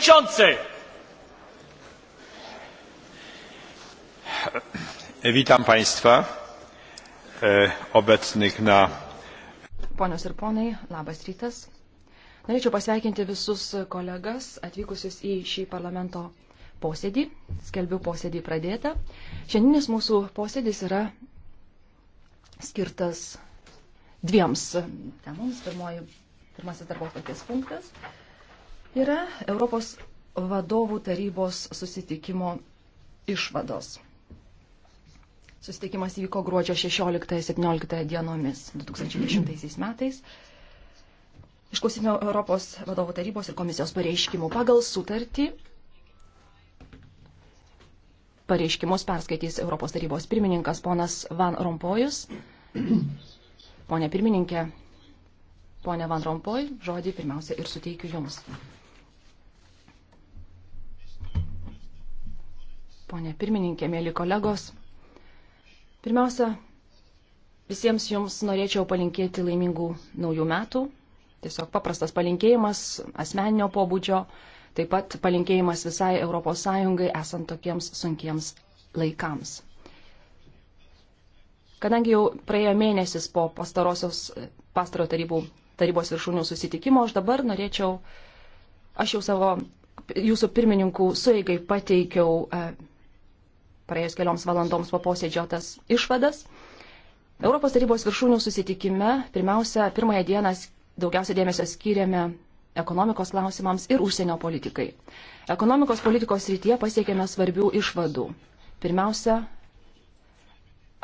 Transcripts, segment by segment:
przewodniczący! Witam Państwa e, obecnych na. Ponios ir ponai, labas rytas. Norėčiau pasveikinti visus kolegas atvykusius į šį parlamento posėdį. Skelbiu posėdį pradėtą. Šiandienis mūsų posėdis yra skirtas dviems temoms. Pirmoji, pirmasis darbo atvarkės punktas yra Europos vadovų tarybos susitikimo išvados. Susitikimas įvyko gruodžio 16-17 dienomis 2010 metais. Išklausime Europos vadovų tarybos ir komisijos pareiškimų. Pagal sutartį pareiškimus perskaitys Europos tarybos pirmininkas ponas Van Rompojus. Pone pirmininkė, ponė Van Rompoj, žodį pirmiausia ir suteikiu Jums. ponė pirmininkė, mėly kolegos. Pirmiausia, visiems jums norėčiau palinkėti laimingų naujų metų. Tiesiog paprastas palinkėjimas asmeninio pobūdžio, taip pat palinkėjimas visai ES esant tokiems sunkiems laikams. Kadangi jau praėjo mėnesis po pastarosios pastaro tarybų, tarybos viršūnių susitikimo, aš dabar norėčiau, aš jau savo jūsų pirmininkų sueigai pateikiau e, praėjus kelioms valandoms po posėdžio tas išvadas. Europos tarybos viršūnių susitikime pirmiausia, pirmąją dieną daugiausia dėmesio skiriame ekonomikos klausimams ir užsienio politikai. Ekonomikos politikos rytyje pasiekėme svarbių išvadų. Pirmiausia,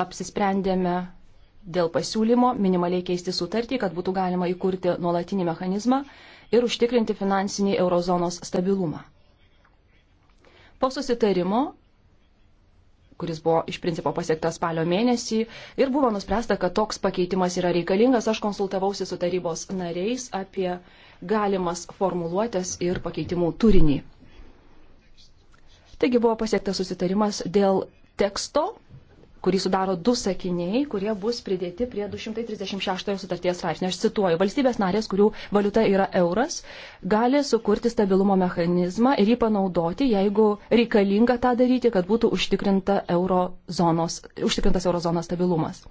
apsisprendėme dėl pasiūlymo minimaliai keisti sutartį, kad būtų galima įkurti nuolatinį mechanizmą ir užtikrinti finansinį eurozonos stabilumą. Po susitarimo kuris buvo iš principo pasiektas spalio mėnesį ir buvo nuspręsta, kad toks pakeitimas yra reikalingas. Aš konsultavausi su tarybos nariais apie galimas formuluotės ir pakeitimų turinį. Taigi buvo pasiektas susitarimas dėl teksto kurį sudaro du sakiniai, kurie bus pridėti prie 236 sutarties straipsnio. Aš cituoju, valstybės narės, kurių valiuta yra euras, gali sukurti stabilumo mechanizmą ir jį panaudoti, jeigu reikalinga tą daryti, kad būtų euro zonos, užtikrintas eurozonos stabilumas.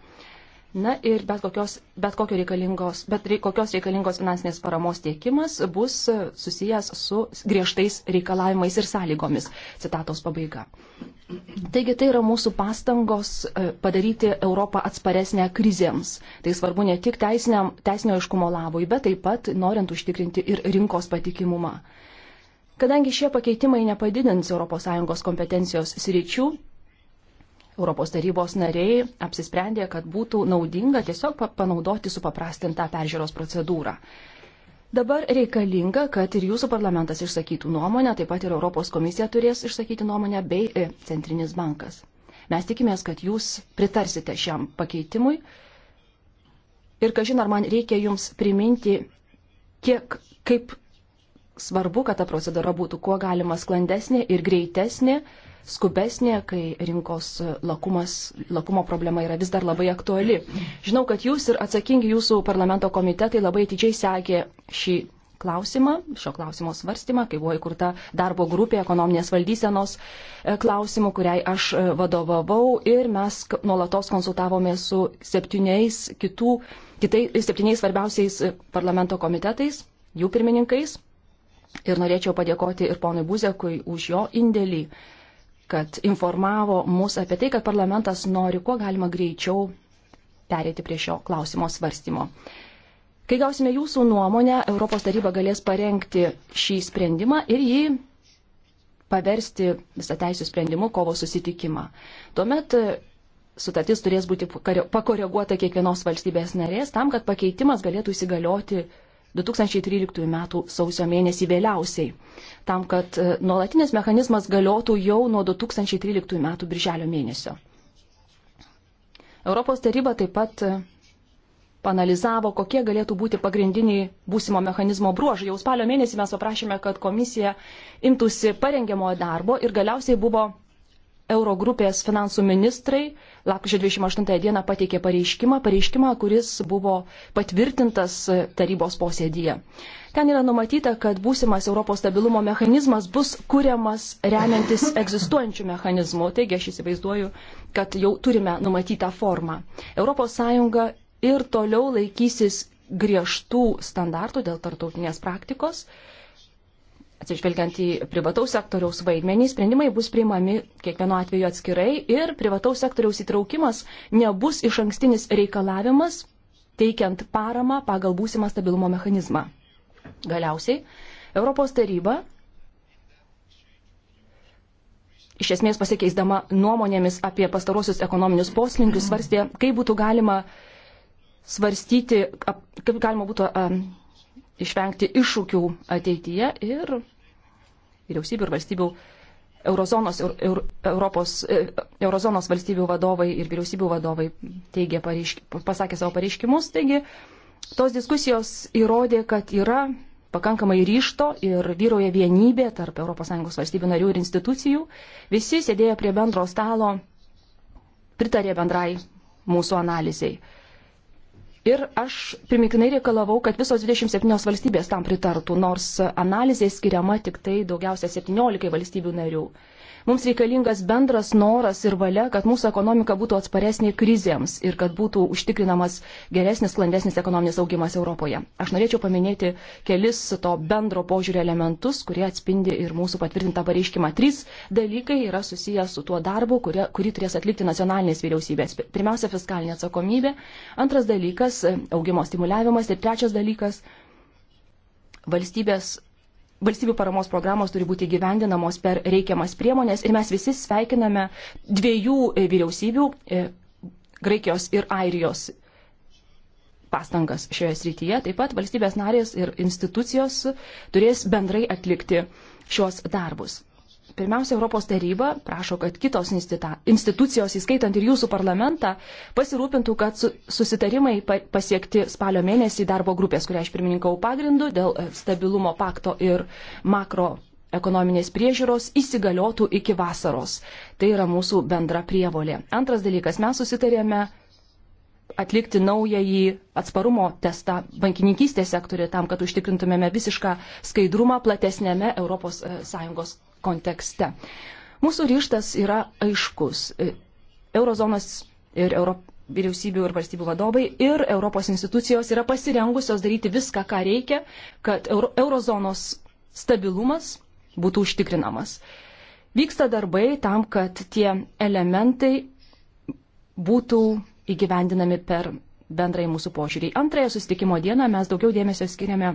Na ir bet, kokios, bet, reikalingos, bet reik, kokios reikalingos finansinės paramos tiekimas bus susijęs su griežtais reikalavimais ir sąlygomis. Citatos pabaiga. Taigi tai yra mūsų pastangos e, padaryti Europą atsparesnę krizėms. Tai svarbu ne tik teisinio, teisinio iškumo labui, bet taip pat norint užtikrinti ir rinkos patikimumą. Kadangi šie pakeitimai nepadidins ES kompetencijos sričių, Europos tarybos nariai apsisprendė, kad būtų naudinga tiesiog panaudoti supaprastintą peržiūros procedūrą. Dabar reikalinga, kad ir jūsų parlamentas išsakytų nuomonę, taip pat ir Europos komisija turės išsakyti nuomonę bei e, Centrinis bankas. Mes tikimės, kad jūs pritarsite šiam pakeitimui ir, kažin, ar man reikia jums priminti, kiek, kaip svarbu, kad ta procedūra būtų kuo galima sklandesnė ir greitesnė, skubesnė, kai rinkos lakumas, lakumo problema yra vis dar labai aktuali. Žinau, kad jūs ir atsakingi jūsų parlamento komitetai labai atidžiai sekė šį klausimą, šio klausimo svarstymą, kai buvo įkurta darbo grupė ekonominės valdysenos e, klausimų, kuriai aš e, vadovavau ir mes nuolatos konsultavomės su septyniais, kitų, kitai, septyniais svarbiausiais e, parlamento komitetais, jų pirmininkais. Ir norėčiau padėkoti ir ponui Buzekui už jo indėlį kad informavo mus apie tai, kad parlamentas nori kuo galima greičiau perėti prie šio klausimo svarstymo. Kai gausime jūsų nuomonę, Europos taryba galės parengti šį sprendimą ir jį paversti visą teisų sprendimu kovo susitikimą. Tuomet e, sutartis turės būti pakoreguota kiekvienos valstybės narės tam, kad pakeitimas galėtų įsigalioti 2013 m. sausio mėnesį vėliausiai tam, kad e, nuolatinis mechanizmas galiotų jau nuo 2013 metų birželio mėnesio. Europos taryba taip pat e, panalizavo, kokie galėtų būti pagrindiniai būsimo mechanizmo bruožai. Jau spalio mėnesį mes paprašėme, kad komisija imtųsi parengiamojo darbo ir galiausiai buvo Eurogrupės finansų ministrai lapkričio 28 dieną pateikė pareiškimą, pareiškimą, kuris buvo patvirtintas e, tarybos posėdyje. Ten yra numatyta, kad būsimas Europos stabilumo mechanizmas bus kuriamas remiantis egzistuojančių mechanizmų. Taigi aš įsivaizduoju, kad jau turime numatytą formą. ES ir toliau laikysis griežtų standartų dėl tartautinės praktikos. Atsižvelgiant į privataus sektoriaus vaidmenį, sprendimai bus priimami kiekvienu atveju atskirai ir privataus sektoriaus įtraukimas nebus iš ankstinis reikalavimas teikiant paramą pagal būsimą stabilumo mechanizmą. Galiausiai Europos taryba iš esmės pasikeisdama nuomonėmis apie pastarosius ekonominius poslinkius svarstė, kaip būtų galima svarstyti, kaip galima būtų um, išvengti iššūkių ateityje ir vyriausybių ir valstybių Eurozonos, Euro, Europos, e, Eurozonos valstybių vadovai ir vyriausybių vadovai teigė pareišk, pasakė savo pareiškimus, taigi Tos diskusijos įrodė, kad yra pakankamai ryšto ir vyroja vienybė tarp ES valstybių narių ir institucijų. Visi sėdėjo prie bendro stalo, pritarė bendrai mūsų analizai. Ir aš primiknai reikalavau, kad visos 27 valstybės tam pritartų, nors analizė skiriama tik tai daugiausia 17 valstybių narių. Mums reikalingas bendras noras ir valia, kad mūsų ekonomika būtų atsparesnė krizėms ir kad būtų užtikrinamas geresnis, sklandesnis ekonominis augimas Europoje. Aš norėčiau paminėti kelis to bendro požiūrio elementus, kurie atspindi ir mūsų patvirtintą pareiškimą. Trys dalykai yra susijęs su tuo darbu, kurie, kurį turės atlikti nacionalinės vyriausybės. Pirmiausia, fiskalinė atsakomybė. Antras dalykas - augimo stimuliavimas. Ir trečias dalykas valstybės valstybių paramos programos turi būti gyvendinamos per reikiamas priemonės ir mes visi sveikiname dviejų e, vyriausybių, e, Graikijos ir Airijos pastangas šioje srityje. Taip pat valstybės narės ir institucijos turės bendrai atlikti šios darbus. Pirmiausia, Europos taryba prašo, kad kitos institucijos, įskaitant ir jūsų parlamentą, pasirūpintų, kad susitarimai pasiekti spalio mėnesį darbo grupės, kurią aš pirmininkau pagrindu, dėl e, stabilumo pakto ir makro ekonominės priežiūros įsigaliotų iki vasaros. Tai yra mūsų bendra prievolė. Antras dalykas, mes susitarėme atlikti naująjį atsparumo testą bankininkystės sektoriuje tam, kad užtikrintumėme visišką skaidrumą platesnėme ES e, kontekste. Mūsų ryštas yra aiškus. E, eurozonos ir Europos vyriausybių ir valstybių vadovai ir Europos institucijos yra pasirengusios daryti viską, ką reikia, kad euro, eurozonos stabilumas būtų užtikrinamas. Vyksta darbai tam, kad tie elementai būtų įgyvendinami per bendrai mūsų požiūrį. Antrąją susitikimo dieną mes daugiau dėmesio skiriame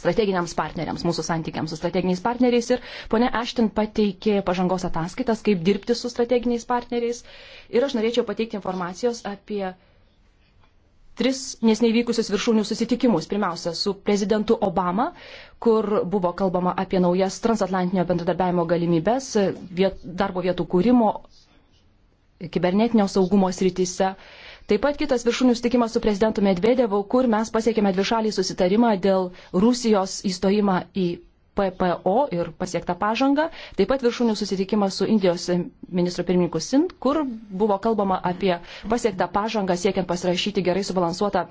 strateginiams partneriams, mūsų santykiams su strateginiais partneriais ir ponė Ashton pateikė pažangos ataskaitas, kaip dirbti su strateginiais partneriais ir aš norėčiau pateikti informacijos apie tris nesneivykusius viršūnių susitikimus. Pirmiausia, su prezidentu Obama, kur buvo kalbama apie naujas transatlantinio bendradarbiavimo galimybės, viet, darbo vietų kūrimo, kibernetinio saugumo srityse. Taip pat kitas viršūnių sutikimas su prezidentu Medvedevu, kur mes pasiekėme dvišalį susitarimą dėl Rusijos įstojimą į PPO ir pasiektą pažangą. Taip pat viršūnių susitikimas su Indijos ministro pirmininku Sint, kur buvo kalbama apie pasiektą pažangą siekiant pasirašyti gerai subalansuotą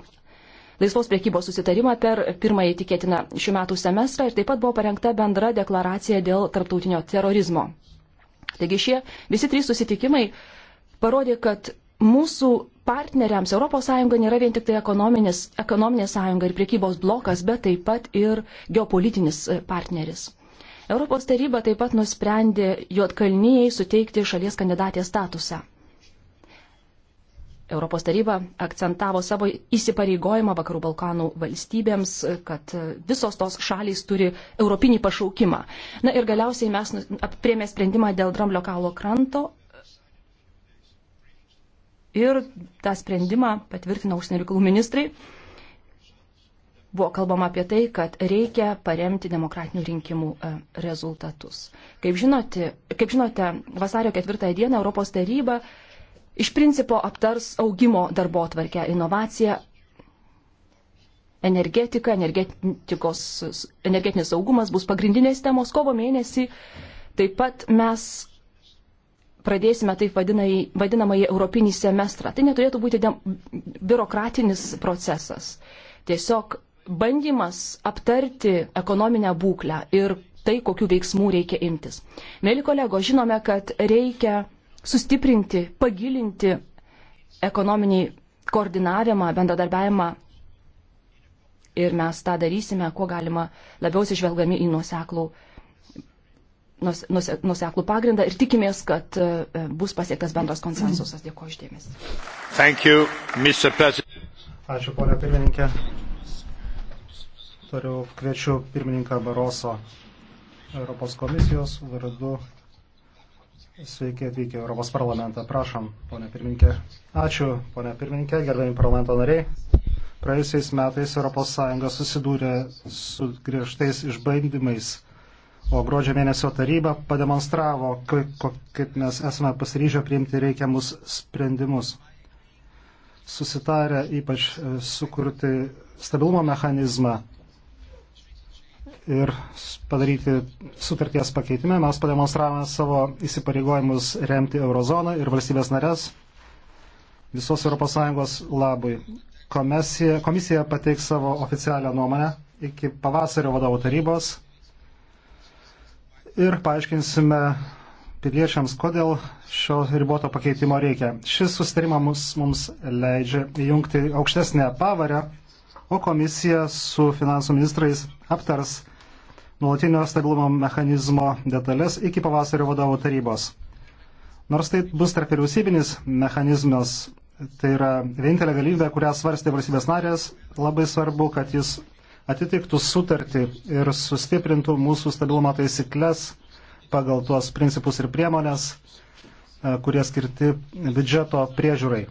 laisvos priekybos susitarimą per pirmąjį tikėtiną šių metų semestrą ir taip pat buvo parengta bendra deklaracija dėl tarptautinio terorizmo. Taigi šie visi trys susitikimai parodė, kad mūsų partneriams ES nėra vien tik tai ekonominė sąjunga ir priekybos blokas, bet taip pat ir geopolitinis e, partneris. Europos taryba taip pat nusprendė Juotkalnyjai suteikti šalies kandidatės statusą. Europos taryba akcentavo savo įsipareigojimą Vakarų Balkanų valstybėms, kad visos tos šalys turi europinį pašaukimą. Na ir galiausiai mes nu, priemė sprendimą dėl Dramblio kalo kranto ir tą sprendimą patvirtino užsienio reikalų ministrai. Buvo kalbama apie tai, kad reikia paremti demokratinių rinkimų e, rezultatus. Kaip žinote, kaip žinote vasario ketvirtąją dieną Europos taryba iš principo aptars augimo darbo tvarkę, inovaciją, energetika, energetikos, energetinis saugumas bus pagrindinės temos kovo mėnesį. Taip pat mes pradėsime taip vadinamąjį europinį semestrą. Tai neturėtų būti biurokratinis procesas. Tiesiog bandymas aptarti ekonominę būklę ir tai, kokiu veiksmu reikia imtis. Mėly kolego, žinome, kad reikia sustiprinti, pagilinti ekonominį koordinavimą, bendradarbiavimą ir mes tą darysime, kuo galima labiausiai žvelgami į nuoseklų nuseklų pagrindą ir tikimės, kad e, bus pasiektas bendras konsensusas. Dėkuoju išdėmesi. Ačiū, ponia pirmininkė. Toliau kviečiu pirmininką Baroso Europos komisijos vardu. Sveiki atvykę Europos parlamentą. Prašom, ponia pirmininkė. Ačiū, ponia pirmininkė, gerbėjami parlamento nariai. Praėjusiais metais ES susidūrė su griežtais išbandymais O gruodžio mėnesio taryba pademonstravo, kaip mes esame pasiryžę priimti reikiamus sprendimus. Susitarę ypač e, sukurti stabilumo mechanizmą ir padaryti sutarties pakeitimą, mes pademonstravome savo įsipareigojimus remti eurozoną ir valstybės narės visos ES labui. Komisija, komisija pateiks savo oficialią nuomonę iki pavasario vadovų tarybos ir paaiškinsime piliečiams, kodėl šio riboto pakeitimo reikia. Šis sustarima mums, mums leidžia įjungti aukštesnę pavarę, o komisija su finansų ministrais aptars nuolatinio stabilumo mechanizmo detalės iki pavasario vadovų tarybos. Nors tai bus tarp vyriausybinis mechanizmas, tai yra vienintelė galimybė, kurią svarstė valstybės narės, labai svarbu, kad jis atitiktų sutartį ir sustiprintų mūsų stabilumo taisyklės pagal tuos principus ir priemonės, e, kurie skirti biudžeto priežiūrai.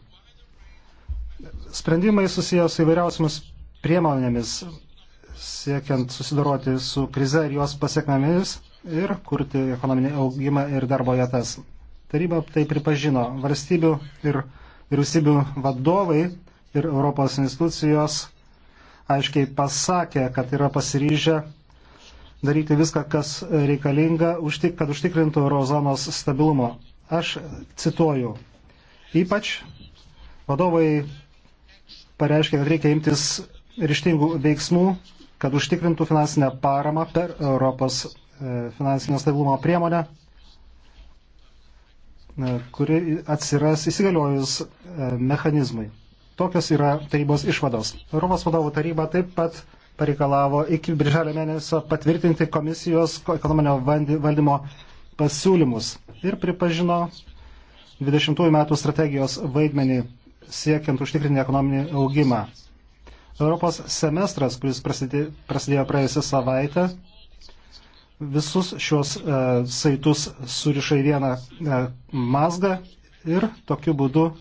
Sprendimai susijęs su įvairiausiamis priemonėmis, siekiant susidoroti su krize ir jos pasiekmėmis ir kurti ekonominį augimą ir darbo vietas. Taryba tai pripažino. Valstybių ir vyriausybių vadovai ir Europos institucijos aiškiai pasakė, kad yra pasiryžę daryti viską, kas reikalinga, kad užtikrintų eurozonos stabilumo. Aš cituoju. Ypač vadovai pareiškia, kad reikia imtis ryštingų veiksmų, kad užtikrintų finansinę paramą per Europos e, finansinio stabilumo priemonę, e, kuri atsiras įsigaliojus e, mechanizmui. Tokios yra tarybos išvados. Europos vadovų taryba taip pat pareikalavo iki birželio mėnesio patvirtinti komisijos ekonominio valdymo pasiūlymus ir pripažino 20 metų strategijos vaidmenį siekiant užtikrinti ekonominį augimą. Europos semestras, kuris prasidėjo praėjusią savaitę, visus šios e, saitus suriša į vieną e, mazgą ir tokiu būdu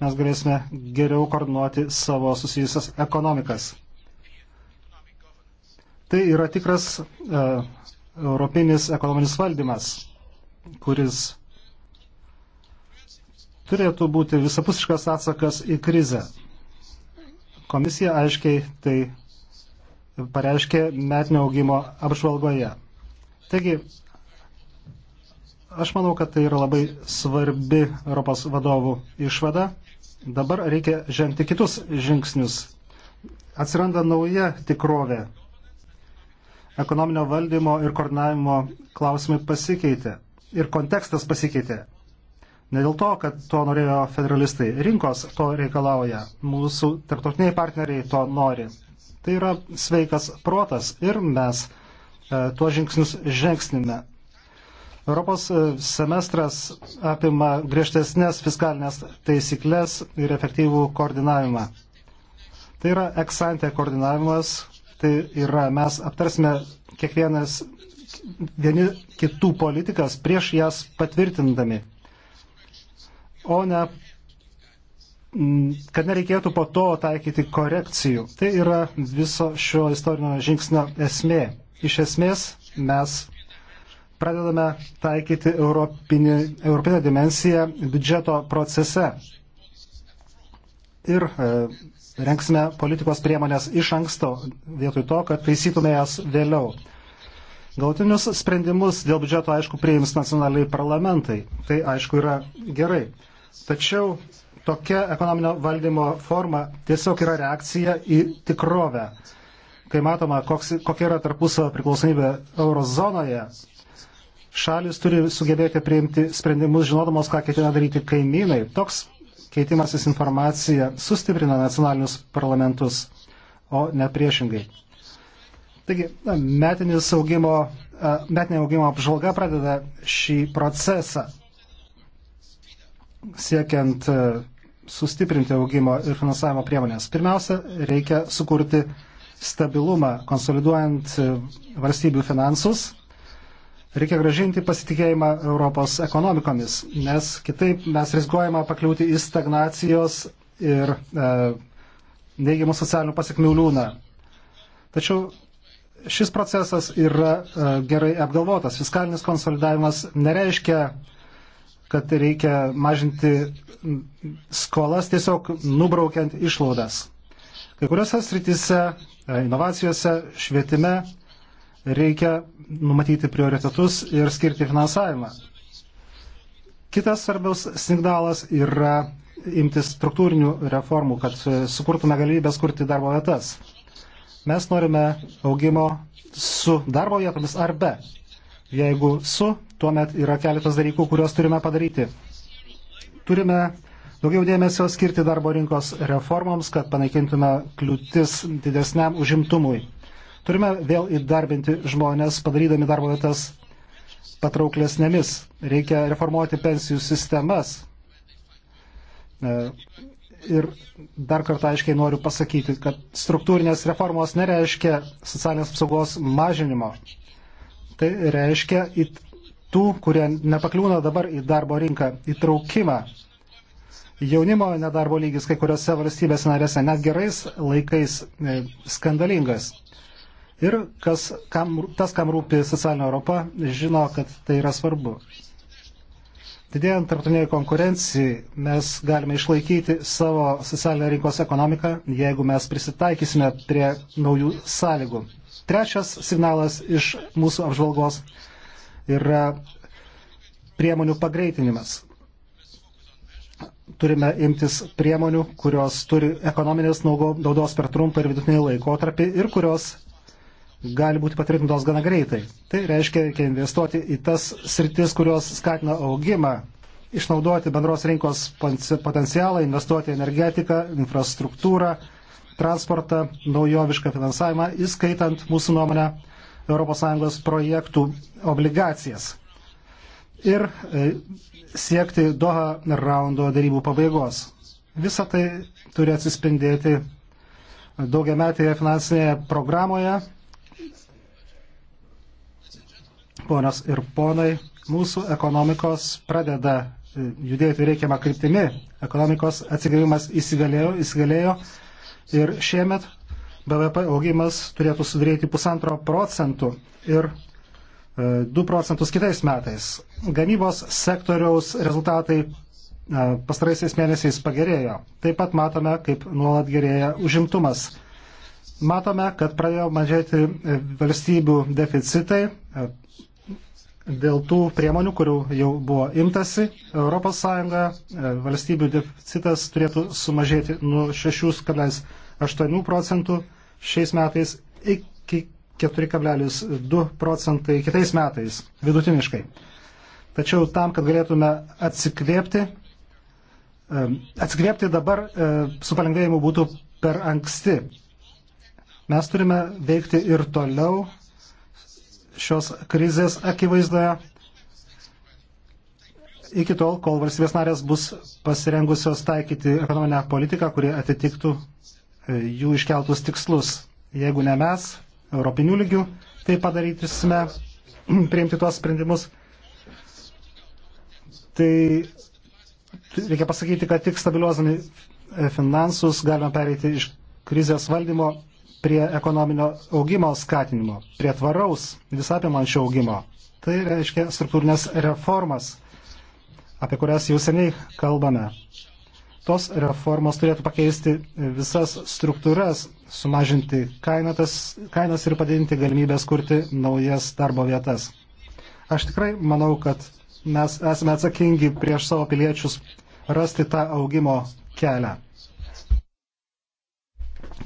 mes galėsime geriau koordinuoti savo susijusias ekonomikas. Tai yra tikras uh, europinis ekonominis valdymas, kuris turėtų būti visapusiškas atsakas į krizę. Komisija aiškiai tai pareiškė metinio augimo apžvalgoje. Taigi, aš manau, kad tai yra labai svarbi Europos vadovų išvada Dabar reikia žengti kitus žingsnius. Atsiranda nauja tikrovė. Ekonominio valdymo ir koordinavimo klausimai pasikeitė. Ir kontekstas pasikeitė. Ne dėl to, kad to norėjo federalistai. Rinkos to reikalauja. Mūsų tarptautiniai partneriai to nori. Tai yra sveikas protas ir mes e, tuos žingsnius žengsnime. Europos e, semestras apima griežtesnės fiskalinės taisyklės ir efektyvų koordinavimą. Tai yra eksantė koordinavimas, tai yra mes aptarsime kiekvienas vieni kitų politikas prieš jas patvirtindami, o ne kad nereikėtų po to taikyti korekcijų. Tai yra viso šio istorinio žingsnio esmė. Iš esmės mes pradedame taikyti europinį, europinę dimensiją biudžeto procese ir e, renksime politikos priemonės iš anksto, vietoj to, kad taisytume jas vėliau. Gautinius sprendimus dėl biudžeto, aišku, priims nacionaliai parlamentai. Tai, aišku, yra gerai. Tačiau tokia ekonominio valdymo forma tiesiog yra reakcija į tikrovę. Kai matoma, koks, kokia yra tarpusavio priklausomybė eurozonoje, Šalis turi sugebėti priimti sprendimus, žinodamos, ką ketina daryti kaimynai. Toks keitimasis informacija sustiprina nacionalinius parlamentus, o ne priešingai. Taigi, metinis augimo, metinė augimo apžvalga pradeda šį procesą siekiant sustiprinti augimo ir finansavimo priemonės. Pirmiausia, reikia sukurti stabilumą, konsoliduojant valstybių finansus Reikia gražinti pasitikėjimą Europos ekonomikomis, nes kitaip mes rizikuojame pakliūti į stagnacijos ir e, neigiamų socialinių pasiekmių liūną. Tačiau šis procesas yra e, gerai apgalvotas. Fiskalinis konsolidavimas nereiškia, kad reikia mažinti skolas tiesiog nubraukiant išlaudas. Kai kuriuose srityse, e, inovacijose, švietime reikia numatyti prioritetus ir skirti finansavimą. Kitas svarbus signalas yra imtis struktūrinių reformų, kad sukurtume galimybės kurti darbo vietas. Mes norime augimo su darbo vietomis ar be. Jeigu su, tuomet yra keletas dalykų, kuriuos turime padaryti. Turime daugiau dėmesio skirti darbo rinkos reformoms, kad panaikintume kliūtis didesniam užimtumui Turime vėl įdarbinti žmonės, padarydami darbo vietas patrauklesnėmis. Reikia reformuoti pensijų sistemas. E, ir dar kartą aiškiai noriu pasakyti, kad struktūrinės reformos nereiškia socialinės apsaugos mažinimo. Tai reiškia į tų, kurie nepakliūna dabar į darbo rinką, įtraukimą. Jaunimo nedarbo lygis kai kuriuose valstybės narėse net gerais laikais e, skandalingas. Ir kas, kam, tas, kam rūpi socialinė Europa, žino, kad tai yra svarbu. Didėjant tarptautiniai konkurencijai, mes galime išlaikyti savo socialinę rinkos ekonomiką, jeigu mes prisitaikysime prie naujų sąlygų. Trečias signalas iš mūsų apžvalgos yra priemonių pagreitinimas. Turime imtis priemonių, kurios turi ekonominės naudos per trumpą ir vidutinį laikotarpį ir kurios gali būti patvirtintos gana greitai. Tai reiškia, reikia investuoti į tas sritis, kurios skatina augimą, išnaudoti bendros rinkos potencialą, investuoti į energetiką, infrastruktūrą, transportą, naujovišką finansavimą, įskaitant mūsų nuomonę ES projektų obligacijas. Ir e, siekti Doha raundo darybų pabaigos. Visa tai turi atsispindėti daugiametėje finansinėje programoje ponios ir ponai, mūsų ekonomikos pradeda e, judėti reikiamą kryptimi. Ekonomikos atsigavimas įsigalėjo, įsigalėjo ir šiemet BVP augimas turėtų sudaryti pusantro procentų ir 2 e, procentus kitais metais. Gamybos sektoriaus rezultatai e, pastaraisiais mėnesiais pagerėjo. Taip pat matome, kaip nuolat gerėja užimtumas. Matome, kad pradėjo mažėti valstybių deficitai, dėl tų priemonių, kurių jau buvo imtasi, ES e, valstybių deficitas turėtų sumažėti nuo 6,8 procentų šiais metais iki 4,2 procentai kitais metais vidutiniškai. Tačiau tam, kad galėtume atsikvėpti, e, atsikvėpti dabar e, su palengvėjimu būtų per anksti. Mes turime veikti ir toliau šios krizės akivaizdoje iki tol, kol valstybės narės bus pasirengusios taikyti ekonominę politiką, kuri atitiktų e, jų iškeltus tikslus. Jeigu ne mes, europinių lygių, tai padarysime, priimti tuos sprendimus. Tai reikia pasakyti, kad tik stabilizuodami e, finansus galime pereiti iš krizės valdymo prie ekonominio augimo skatinimo, prie tvaraus visapimančio augimo. Tai reiškia struktūrinės reformas, apie kurias jau seniai kalbame. Tos reformos turėtų pakeisti visas struktūras, sumažinti kainatas, kainas ir padidinti galimybės kurti naujas darbo vietas. Aš tikrai manau, kad mes esame atsakingi prieš savo piliečius rasti tą augimo kelią.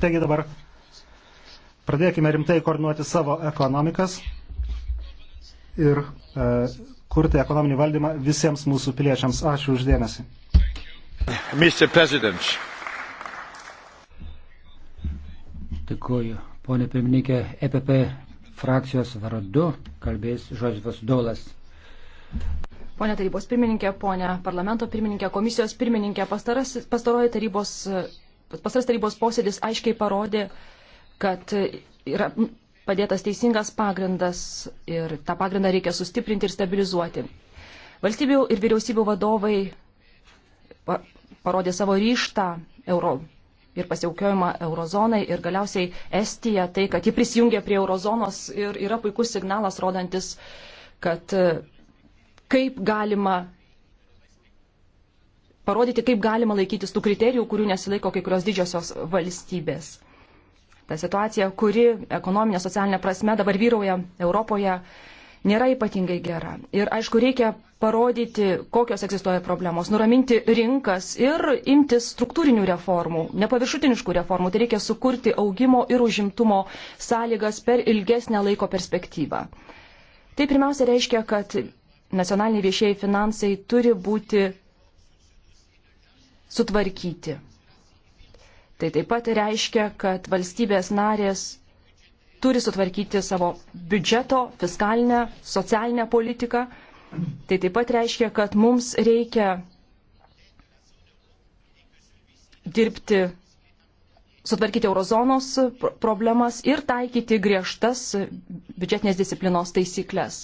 Taigi dabar Pradėkime rimtai koordinuoti savo ekonomikas ir e, kurti ekonominį valdymą visiems mūsų piliečiams. Ačiū uždėmesi. Mr. President. Dėkuoju. Pone pirmininkė, EPP frakcijos vardu kalbės Žodžius Dolas. Pone tarybos pirmininkė, pone parlamento pirmininkė, komisijos pirmininkė, pastaras, pastaroji tarybos, pastaras tarybos posėdis aiškiai parodė, kad yra padėtas teisingas pagrindas ir tą pagrindą reikia sustiprinti ir stabilizuoti. Valstybių ir vyriausybių vadovai parodė savo ryštą euro ir pasiaukiojimą eurozonai ir galiausiai Estija, tai kad ji prisijungė prie eurozonos ir yra puikus signalas rodantis, kad e, kaip galima parodyti, kaip galima laikytis tų kriterijų, kurių nesilaiko kai kurios didžiosios valstybės ta situacija, kuri ekonominė, socialinė prasme dabar vyrauja Europoje, nėra ypatingai gera. Ir aišku, reikia parodyti, kokios egzistuoja problemos, nuraminti rinkas ir imtis struktūrinių reformų, nepaviršutiniškų reformų. Tai reikia sukurti augimo ir užimtumo sąlygas per ilgesnę laiko perspektyvą. Tai pirmiausia reiškia, kad nacionaliniai viešieji finansai turi būti sutvarkyti. Tai taip pat reiškia, kad valstybės narės turi sutvarkyti savo biudžeto, fiskalinę, socialinę politiką. Tai taip pat reiškia, kad mums reikia dirbti, sutvarkyti eurozonos problemas ir taikyti griežtas biudžetinės disciplinos taisyklės.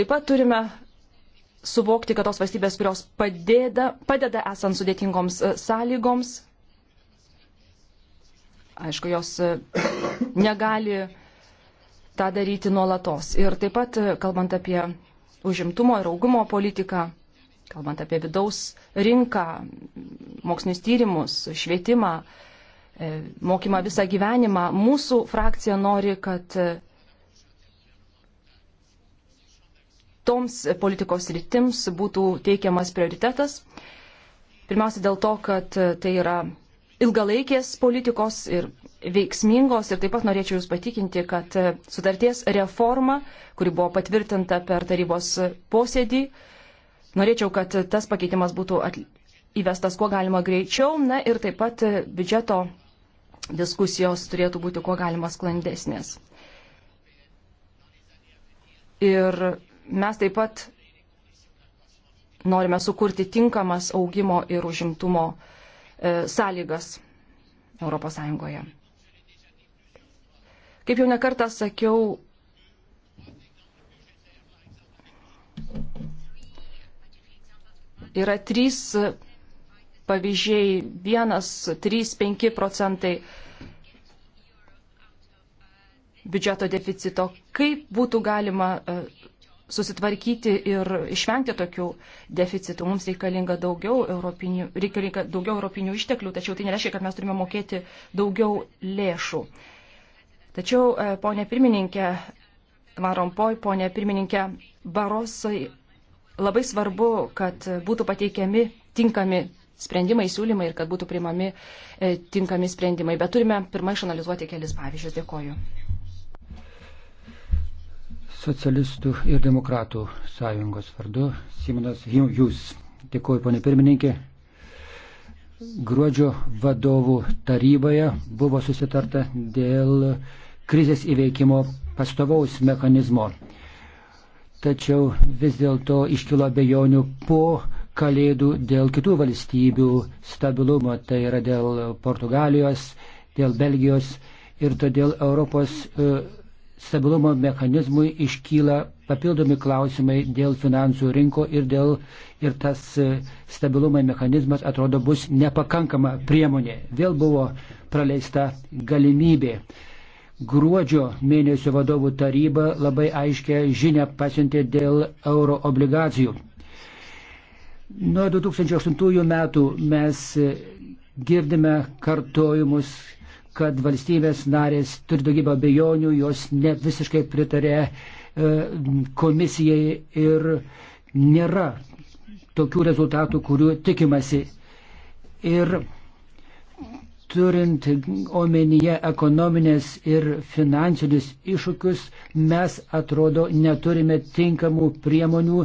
Taip pat turime suvokti, kad tos valstybės, kurios padeda, padeda esant sudėtingoms e, sąlygoms, Aišku, jos e, negali tą daryti nuolatos. Ir taip pat, e, kalbant apie užimtumo ir augumo politiką, kalbant apie vidaus rinką, mokslinius tyrimus, švietimą, e, mokymą visą gyvenimą, mūsų frakcija nori, kad toms politikos rytims būtų teikiamas prioritetas. Pirmiausia dėl to, kad tai yra ilgalaikės politikos ir veiksmingos. Ir taip pat norėčiau Jūs patikinti, kad e, sutarties reforma, kuri buvo patvirtinta per tarybos posėdį, norėčiau, kad tas pakeitimas būtų įvestas kuo galima greičiau. Na ir taip pat e, biudžeto diskusijos turėtų būti kuo galima sklandesnės. Ir mes taip pat norime sukurti tinkamas augimo ir užimtumo uh, E, sąlygas ES. Kaip jau nekartą sakiau, yra trys pavyzdžiai, vienas, trys, penki procentai biudžeto deficito. Kaip būtų galima e, susitvarkyti ir išvengti tokių deficitų. Mums reikalinga daugiau europinių, reikalinga daugiau europinių išteklių, tačiau tai nereiškia, kad mes turime mokėti daugiau lėšų. Tačiau, e, ponė pirmininkė Varompoj, ponė pirmininkė Barosai, labai svarbu, kad būtų pateikiami tinkami sprendimai, siūlymai ir kad būtų priimami e, tinkami sprendimai. Bet turime pirmai išanalizuoti kelis pavyzdžius. Dėkoju. Socialistų ir demokratų sąjungos vardu Simonas Jūs. Dėkuoju, ponė pirmininkė. Gruodžio vadovų taryboje buvo susitarta dėl krizės įveikimo pastovaus mechanizmo. Tačiau vis dėlto iškilo abejonių po kalėdų dėl kitų valstybių stabilumo, tai yra dėl Portugalijos, dėl Belgijos ir todėl Europos e, stabilumo mechanizmui iškyla papildomi klausimai dėl finansų rinko ir, dėl, ir tas e, stabilumo mechanizmas atrodo bus nepakankama priemonė. Vėl buvo praleista galimybė. Gruodžio mėnesio vadovų taryba labai aiškę žinę pasiuntė dėl euro obligacijų. Nuo 2008 metų mes e, girdime kartojimus kad valstybės narės turi daugybę abejonių, jos ne visiškai pritarė e, komisijai ir nėra tokių rezultatų, kurių tikimasi. Ir turint omenyje ekonominės ir finansinius iššūkius, mes atrodo neturime tinkamų priemonių,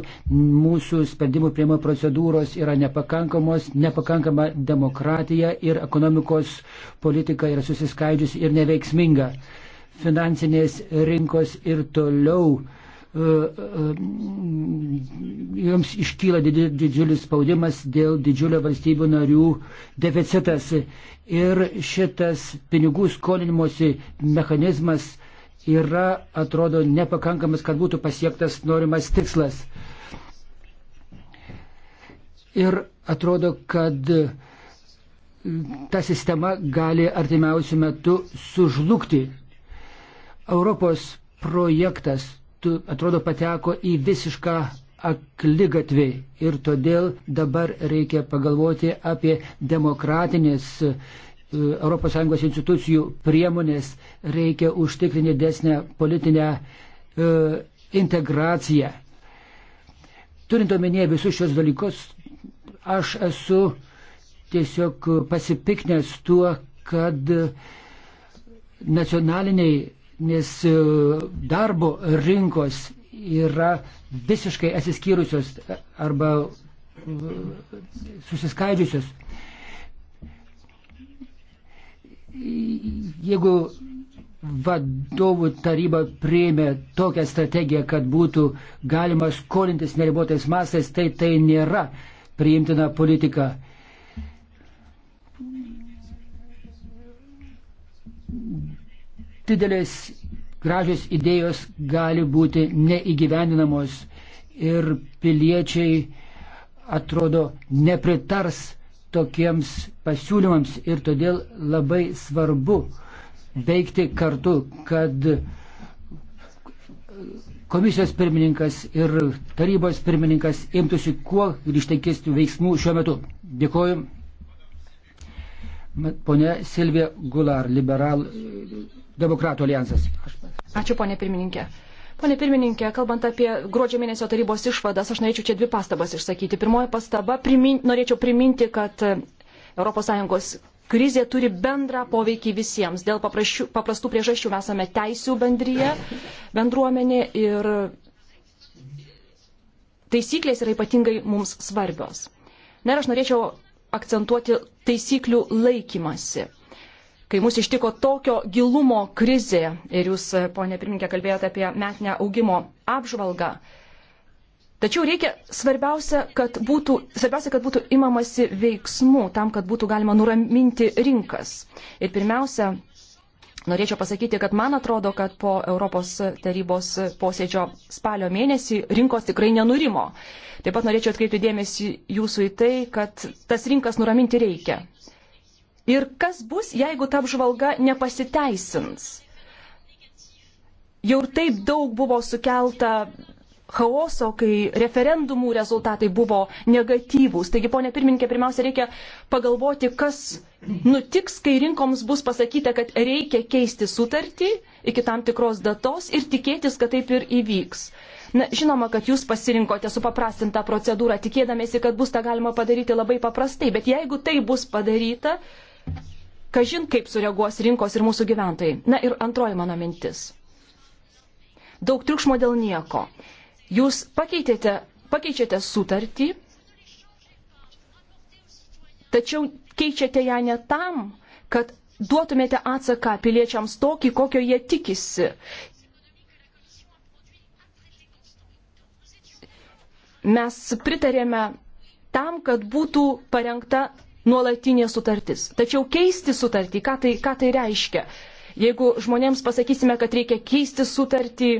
mūsų sprendimų priemo procedūros yra nepakankamos, nepakankama demokratija ir ekonomikos politika yra susiskaidžiusi ir neveiksminga. Finansinės rinkos ir toliau uh, E, e, joms iškyla didžiulis spaudimas dėl didžiulio valstybių narių deficitas. Ir šitas pinigų skolinimosi mechanizmas yra, atrodo, nepakankamas, kad būtų pasiektas norimas tikslas. Ir atrodo, kad e, ta sistema gali artimiausių metų sužlugti. Europos projektas atrodo pateko į visišką akligatvį ir todėl dabar reikia pagalvoti apie demokratinės ES institucijų priemonės, reikia užtikrinti desnę politinę e, integraciją. Turint omenyje visus šios dalykus, aš esu tiesiog pasipiknęs tuo, kad nacionaliniai nes e, darbo rinkos yra visiškai atsiskyrusios e, arba e, susiskaidžiusios. Jeigu vadovų taryba prieimė tokią strategiją, kad būtų galima skolintis neribotais mastais, tai tai nėra priimtina politika. didelės gražios idėjos gali būti neįgyveninamos ir piliečiai atrodo nepritars tokiems pasiūlymams ir todėl labai svarbu veikti kartu, kad komisijos pirmininkas ir tarybos pirmininkas imtųsi kuo grįžtankesnių veiksmų šiuo metu. Dėkuoju. Pone Silvija Gular, liberal demokratų alijansas. Ačiū, ponė pirmininkė. Pone pirmininkė, kalbant apie gruodžio mėnesio tarybos išvadas, aš norėčiau čia dvi pastabas išsakyti. Pirmoji pastaba, primin, norėčiau priminti, kad ES krizė turi bendrą poveikį visiems. Dėl paprašių, paprastų priežasčių mes esame teisų bendryje, bendruomenė ir taisyklės yra ypatingai mums svarbios. Na ir aš norėčiau akcentuoti taisyklių laikymasi. Kai mūsų ištiko tokio gilumo krizė ir jūs, ponė pirmininkė, kalbėjote apie metinę augimo apžvalgą, Tačiau reikia svarbiausia, kad būtų, svarbiausia, kad būtų imamasi veiksmų tam, kad būtų galima nuraminti rinkas. Ir pirmiausia, Norėčiau pasakyti, kad man atrodo, kad po Europos tarybos posėdžio spalio mėnesį rinkos tikrai nenurimo. Taip pat norėčiau atkreipti dėmesį jūsų į tai, kad tas rinkas nuraminti reikia. Ir kas bus, jeigu ta apžvalga nepasiteisins? Jau ir taip daug buvo sukelta chaoso, kai referendumų rezultatai buvo negatyvūs. Taigi, ponė pirmininkė, pirmiausia, reikia pagalvoti, kas nutiks, kai rinkoms bus pasakyta, kad reikia keisti sutartį iki tam tikros datos ir tikėtis, kad taip ir įvyks. Na, žinoma, kad jūs pasirinkote supaprastintą procedūrą, tikėdamėsi, kad bus tą galima padaryti labai paprastai, bet jeigu tai bus padaryta, kažin kaip sureaguos rinkos ir mūsų gyventojai. Na ir antroji mano mintis. Daug triukšmo dėl nieko. Jūs pakeitėte, pakeičiate sutartį, tačiau keičiate ją ne tam, kad duotumėte atsaką piliečiams tokį, kokio jie tikisi. Mes pritarėme tam, kad būtų parengta nuolatinė sutartis. Tačiau keisti sutartį, ką tai, ką tai reiškia? Jeigu žmonėms pasakysime, kad reikia keisti sutartį,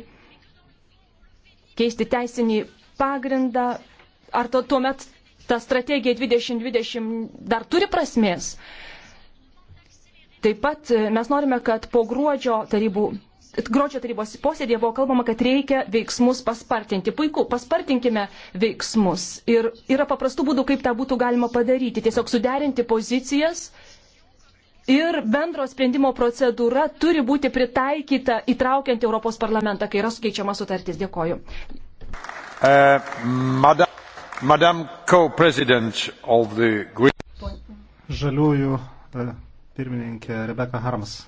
keisti teisinį pagrindą, ar to, tuomet ta strategija 2020 dar turi prasmės? Taip pat e, mes norime, kad po gruodžio tarybų. Gruodžio tarybos posėdėje buvo kalbama, kad reikia veiksmus paspartinti. Puiku, paspartinkime veiksmus. Ir yra paprastų būdų, kaip tą būtų galima padaryti. Tiesiog suderinti pozicijas, uh, ir bendro sprendimo procedūra turi būti pritaikyta įtraukiant Europos parlamentą, kai yra sukeičiama sutartis. Dėkoju. Uh, madam, madam the... Žaliųjų uh, pirmininkė Rebeka Harms.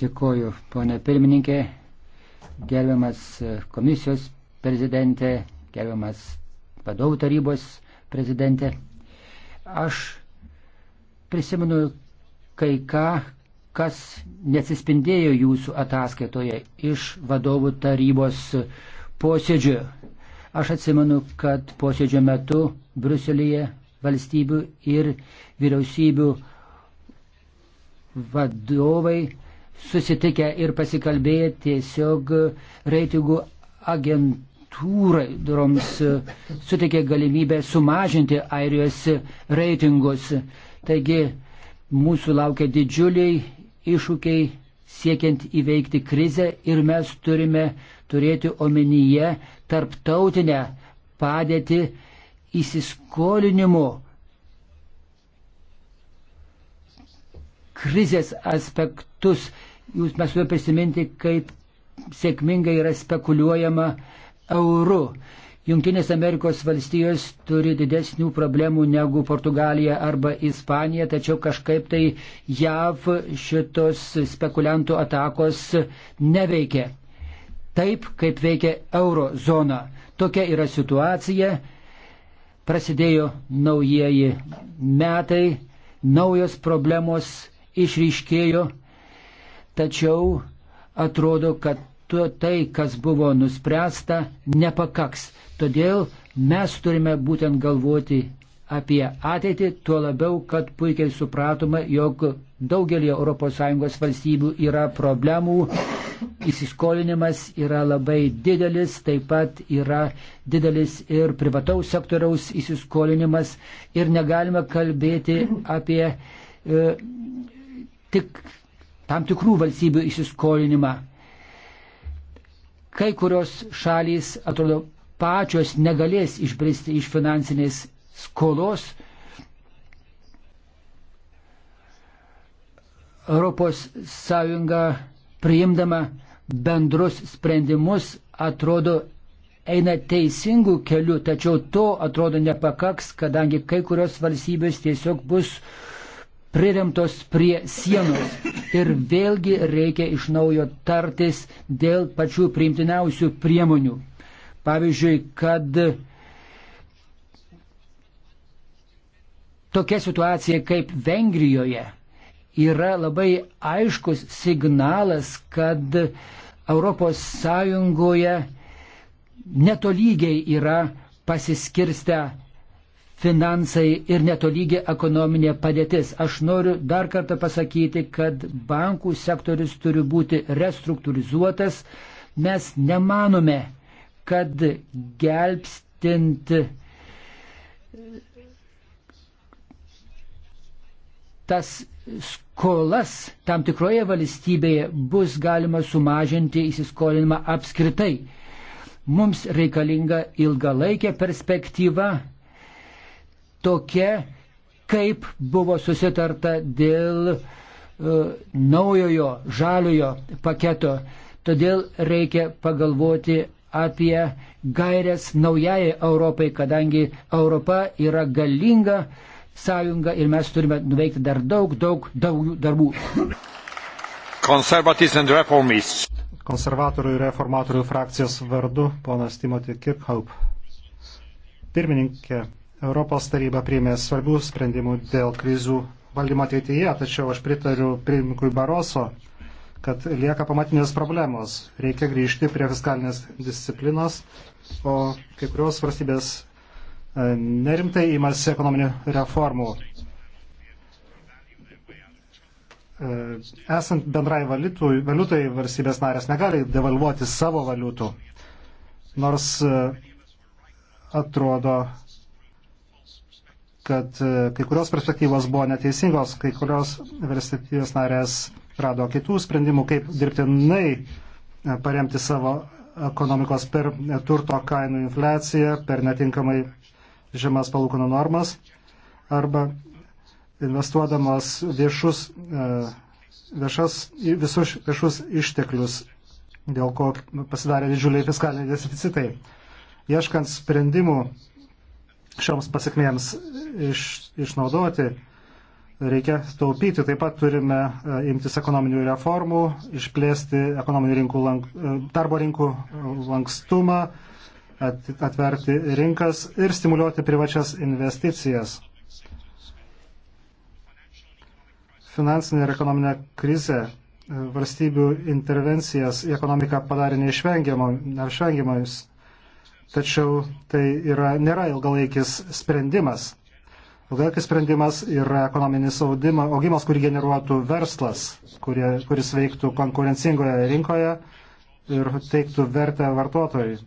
Dėkoju, ponė pirmininkė, gerbiamas uh, komisijos prezidentė, gerbiamas vadovų tarybos prezidentė. Aš prisimenu kai ką, kas nesispindėjo jūsų ataskaitoje iš vadovų tarybos posėdžio. Aš atsimenu, kad posėdžio metu Bruselėje valstybių ir vyriausybių vadovai susitikę ir pasikalbėję tiesiog reitingų agentūroms suteikė galimybę sumažinti Airijos reitingus. Taigi mūsų laukia didžiuliai iššūkiai siekiant įveikti krizę ir mes turime turėti omenyje tarptautinę padėtį įsiskolinimo krizės aspektus. Jūs mes turime prisiminti, kaip sėkmingai yra spekuliuojama euru. Junktinės Amerikos valstijos turi didesnių problemų negu Portugalija arba Ispanija, tačiau kažkaip tai JAV šitos spekuliantų atakos neveikia. Taip, kaip veikia eurozona. Tokia yra situacija. Prasidėjo naujieji metai, naujos problemos išryškėjo, tačiau atrodo, kad tuo tai, kas buvo nuspręsta, nepakaks. Todėl mes turime būtent galvoti apie ateitį, tuo labiau, kad puikiai supratome, jog daugelį ES valstybių yra problemų, įsiskolinimas yra labai didelis, taip pat yra didelis ir privataus sektoriaus įsiskolinimas ir negalime kalbėti apie e, tik tam tikrų valstybių įsiskolinimą kai kurios šalys, atrodo, pačios negalės išbristi iš finansinės skolos. Europos Sąjunga priimdama bendrus sprendimus atrodo eina teisingų kelių, tačiau to atrodo nepakaks, kadangi kai kurios valstybės tiesiog bus uh, priremtos prie sienos. Ir vėlgi reikia iš naujo tartis dėl pačių priimtiniausių priemonių. Pavyzdžiui, kad tokia situacija kaip Vengrijoje yra labai aiškus signalas, kad ES netolygiai yra pasiskirstę finansai ir netolygi ekonominė padėtis. Aš noriu dar kartą pasakyti, kad bankų sektorius turi būti restruktūrizuotas. Mes nemanome, kad gelbstint tas skolas tam tikroje valstybėje bus galima sumažinti įsiskolinimą apskritai. Mums reikalinga ilgalaikė perspektyva tokia, kaip buvo susitarta dėl uh, naujojo žaliojo paketo. Todėl reikia pagalvoti apie gairias naujai Europai, kadangi Europa yra galinga sąjunga ir mes turime nuveikti dar daug, daug, daug darbų. Konservatorių ir reformatorių frakcijos vardu ponas Timothy Kirkhope. Pirmininkė, Europos taryba priėmė svarbių sprendimų dėl krizių valdymo ateityje, tačiau aš pritariu pirmininkui Baroso, kad lieka pamatinės problemos. Reikia grįžti prie fiskalinės disciplinos, o kai kurios valstybės e, nerimtai imasi ekonominių reformų. E, esant bendrai valiutų, valiutai, valstybės narės negali devalvuoti savo valiutų, nors e, atrodo, kad e, kai kurios perspektyvos buvo neteisingos, kai kurios valstybės narės rado kitų sprendimų, kaip dirbtinai e, paremti savo ekonomikos per turto kainų infliaciją, per netinkamai žemas palūkanų normas arba investuodamas viešus, e, viešas, visus viešus išteklius, dėl ko pasidarė didžiuliai fiskaliniai deficitai. Ieškant sprendimų šioms pasiekmėms iš, išnaudoti, reikia taupyti. Taip pat turime e, imtis ekonominių reformų, išplėsti ekonominių rinkų, lank, e, darbo rinkų e, lankstumą, atverti rinkas ir stimuliuoti privačias investicijas. Finansinė ir ekonominė krizė valstybių intervencijas į ekonomiką padarė neišvengiamais tačiau tai yra, nėra ilgalaikis sprendimas. Ilgalaikis sprendimas yra ekonominis audima, augimas, kurį generuotų verslas, kurie, kuris veiktų konkurencingoje rinkoje ir teiktų vertę vartotojai.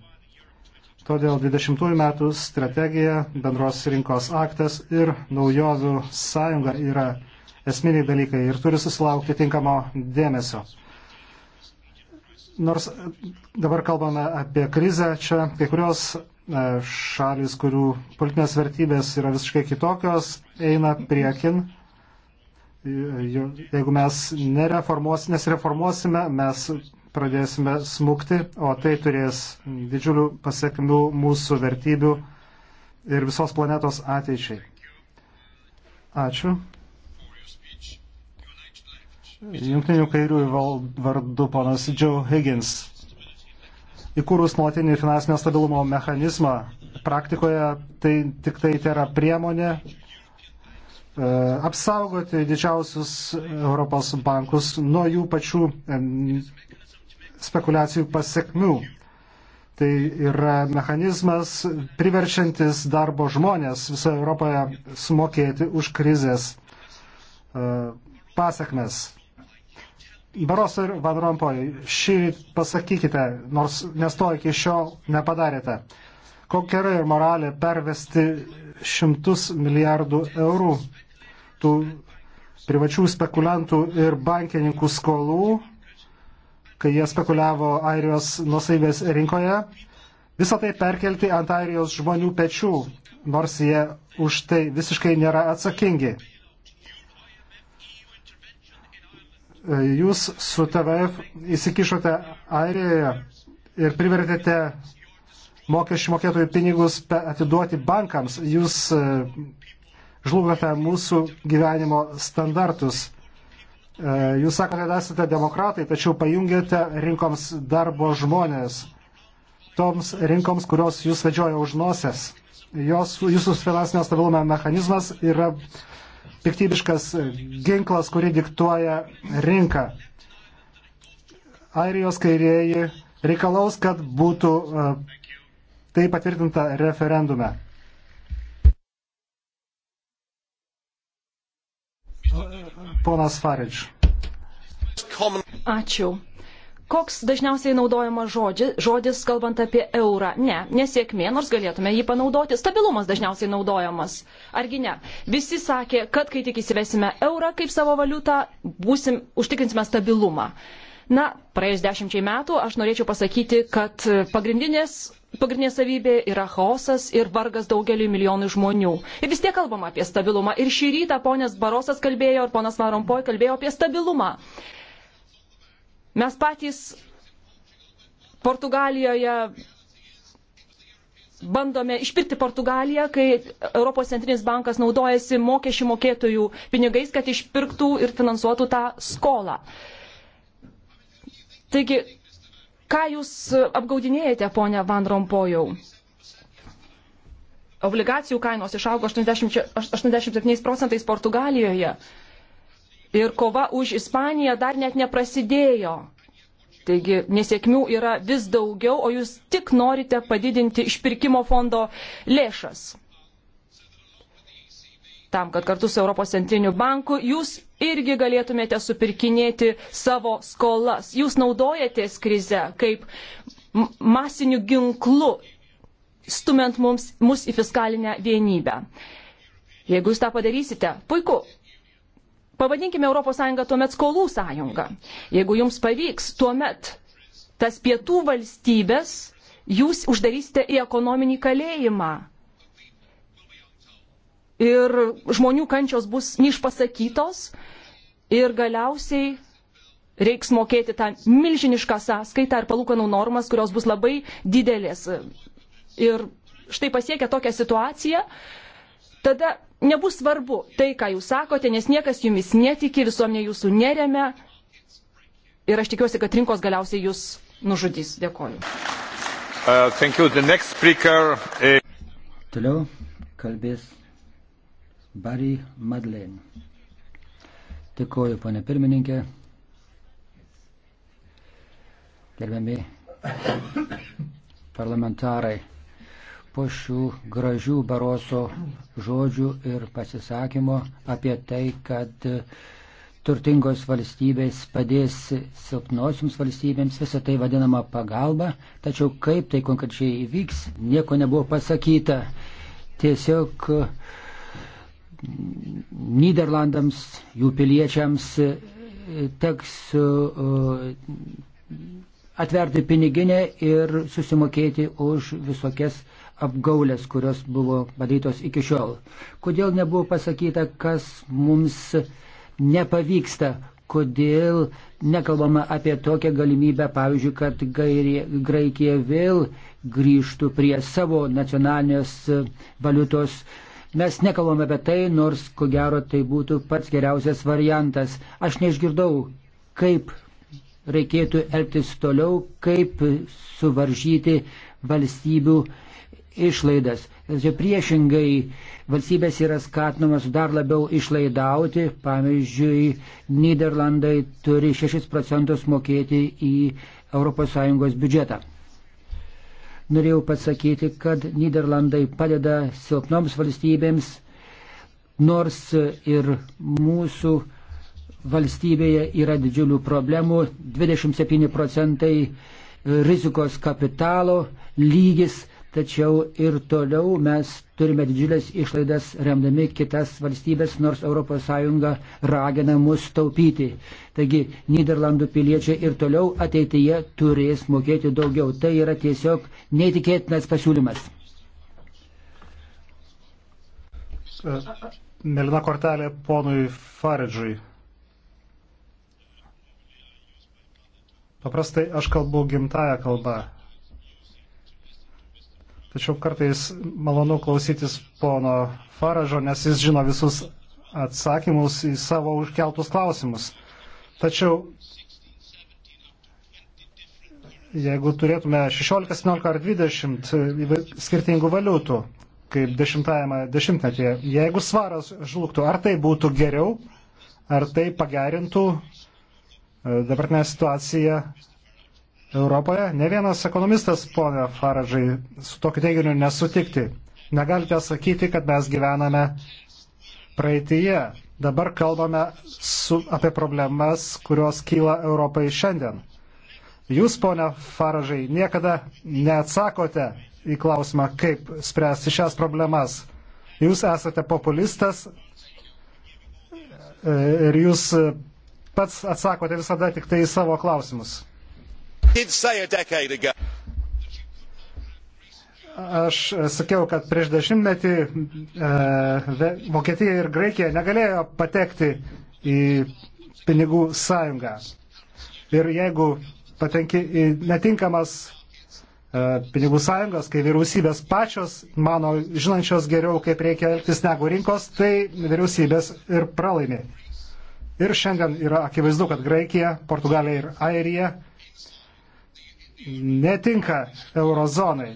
Todėl 20 metų strategija, bendros rinkos aktas ir naujovių sąjunga yra esminiai dalykai ir turi susilaukti tinkamo dėmesio. Nors dabar kalbame apie krizę, čia kai kurios e, šalis, kurių politinės vertybės yra visiškai kitokios, eina priekin. E, jeigu mes nereformuos, nesireformuosime, mes pradėsime smukti, o tai turės didžiulių pasiekmių mūsų vertybių ir visos planetos ateičiai. Ačiū. Junktinių kairiųjų vardu ponas Joe Higgins. Įkūrus nuotinį finansinio stabilumo mechanizmą, praktikoje tai tik tai yra priemonė e, apsaugoti didžiausius Europos bankus nuo jų pačių e, spekulacijų pasiekmių. Tai yra mechanizmas priverčiantis darbo žmonės visoje Europoje sumokėti už krizės e, pasiekmes. Baroso ir Van Rompoj, šį pasakykite, nors nes to iki šiol nepadarėte. Kokia yra ir moralė pervesti šimtus milijardų eurų tų privačių spekuliantų ir bankininkų skolų, kai jie spekuliavo Airijos nusaivės rinkoje, visą tai perkelti ant Airijos žmonių pečių, nors jie už tai visiškai nėra atsakingi. Jūs su TVF įsikišote Airijoje ir privertėte mokesčių mokėtojų pinigus atiduoti bankams. Jūs e, žlugate mūsų gyvenimo standartus. E, jūs sakote, kad esate demokratai, tačiau pajungiate rinkoms darbo žmonės. Toms rinkoms, kurios jūs vedžioja už nosės. Jos, jūsų finansinio stabilumo mechanizmas yra piktybiškas ginklas, kurį diktuoja rinka. Airijos kairieji reikalaus, kad būtų e, tai patvirtinta referendume. Ponas Farič. Ačiū. Koks dažniausiai naudojamas žodžis, žodis, kalbant apie eurą? Ne, nesėkmė, nors galėtume jį panaudoti. Stabilumas dažniausiai naudojamas. Argi ne? Visi sakė, kad kai tik įsivesime eurą kaip savo valiutą, būsim, užtikrinsime stabilumą. Na, praėjus dešimčiai metų aš norėčiau pasakyti, kad pagrindinės pagrindinė savybė yra chaosas ir vargas daugeliu milijonų žmonių. Ir vis tiek kalbama apie stabilumą. Ir šį rytą ponas Barosas kalbėjo ir ponas Marompoj kalbėjo apie stabilumą. Mes patys Portugalijoje bandome išpirkti Portugaliją, kai Europos centrinis bankas naudojasi mokesčių mokėtojų pinigais, kad išpirktų ir finansuotų tą skolą. Taigi, ką jūs apgaudinėjate, ponia Van Rompojau? Obligacijų kainos išaugo 80, 87 procentais Portugalijoje ir kova už Ispaniją dar net neprasidėjo. Taigi nesėkmių yra vis daugiau, o jūs tik norite padidinti išpirkimo fondo lėšas. Tam, kad kartu su Europos centriniu banku jūs irgi galėtumėte supirkinėti savo skolas. Jūs naudojatės krize kaip masiniu ginklu, stumiant mums, mus į fiskalinę vienybę. Jeigu jūs tą padarysite, puiku, Pavadinkime ES tuomet skolų sąjunga. Jeigu jums pavyks, tuomet tas pietų valstybės jūs uždarysite į ekonominį kalėjimą. Ir žmonių kančios bus neišpasakytos ir galiausiai reiks mokėti tą milžinišką sąskaitą ar palūkanų normas, kurios bus labai didelės. Ir štai pasiekia tokią situaciją, tada nebus svarbu tai, ką jūs sakote, nes niekas jumis netiki, visuomenė jūsų neremia. Ir aš tikiuosi, kad rinkos galiausiai jūs nužudys. Dėkoju. Uh, speaker, uh... Toliau kalbės Barry Madeleine. Dėkoju, ponė pirmininkė. Gerbiami parlamentarai po šių gražių Baroso žodžių ir pasisakymo apie tai, kad turtingos valstybės padės silpnosioms valstybėms, visą tai vadinama pagalba, tačiau kaip tai konkrečiai įvyks, nieko nebuvo pasakyta. Tiesiog mm, Niderlandams, jų piliečiams e, teks e, atverti piniginę ir susimokėti už visokias apgaulės, kurios buvo padarytos iki šiol. Kodėl nebuvo pasakyta, kas mums nepavyksta, kodėl nekalbama apie tokią galimybę, pavyzdžiui, kad Graikija vėl grįžtų prie savo nacionalinės valiutos. Mes nekalbame apie tai, nors ko gero tai būtų pats geriausias variantas. Aš neišgirdau, kaip reikėtų elgtis toliau, kaip suvaržyti valstybių išlaidas. Tačiau priešingai valstybės yra skatinamas dar labiau išlaidauti. Pavyzdžiui, Niderlandai turi 6 procentus mokėti į ES biudžetą. Norėjau pasakyti, kad Niderlandai padeda silpnoms valstybėms, nors ir mūsų valstybėje yra didžiulių problemų, 27 procentai rizikos kapitalo lygis tačiau ir toliau mes turime didžiulės išlaidas remdami kitas valstybės, nors ES ragina mus taupyti. Taigi Niderlandų piliečiai ir toliau ateityje turės mokėti daugiau. Tai yra tiesiog neįtikėtinas pasiūlymas. Melina kortelė ponui Faridžui. Paprastai aš kalbu gimtają kalbą. Tačiau kartais malonu klausytis pono Faražo, nes jis žino visus atsakymus į savo užkeltus klausimus. Tačiau jeigu turėtume 16, 17 ar 20 skirtingų valiutų, kaip 10-metyje, jeigu svaras žlugtų, ar tai būtų geriau, ar tai pagerintų e, dabartinę situaciją Europoje. Ne vienas ekonomistas, ponia Faradžai, su tokiu teiginiu nesutikti. Negalite sakyti, kad mes gyvename praeitįje. Dabar kalbame su, apie problemas, kurios kyla Europai šiandien. Jūs, ponia Faražai, niekada neatsakote į klausimą, kaip spręsti šias problemas. Jūs esate populistas e, ir jūs pats atsakote visada tik tai į savo klausimus. Aš e, sakiau, kad prieš dešimtmetį e, Vokietija ir Graikija negalėjo patekti į pinigų sąjungą. Ir jeigu patenki į netinkamas e, pinigų sąjungos, kai vyriausybės pačios mano žinančios geriau, kaip reikia elgtis negu rinkos, tai vyriausybės ir pralaimė. Ir šiandien yra akivaizdu, kad Graikija, Portugalija ir Airija netinka eurozonai.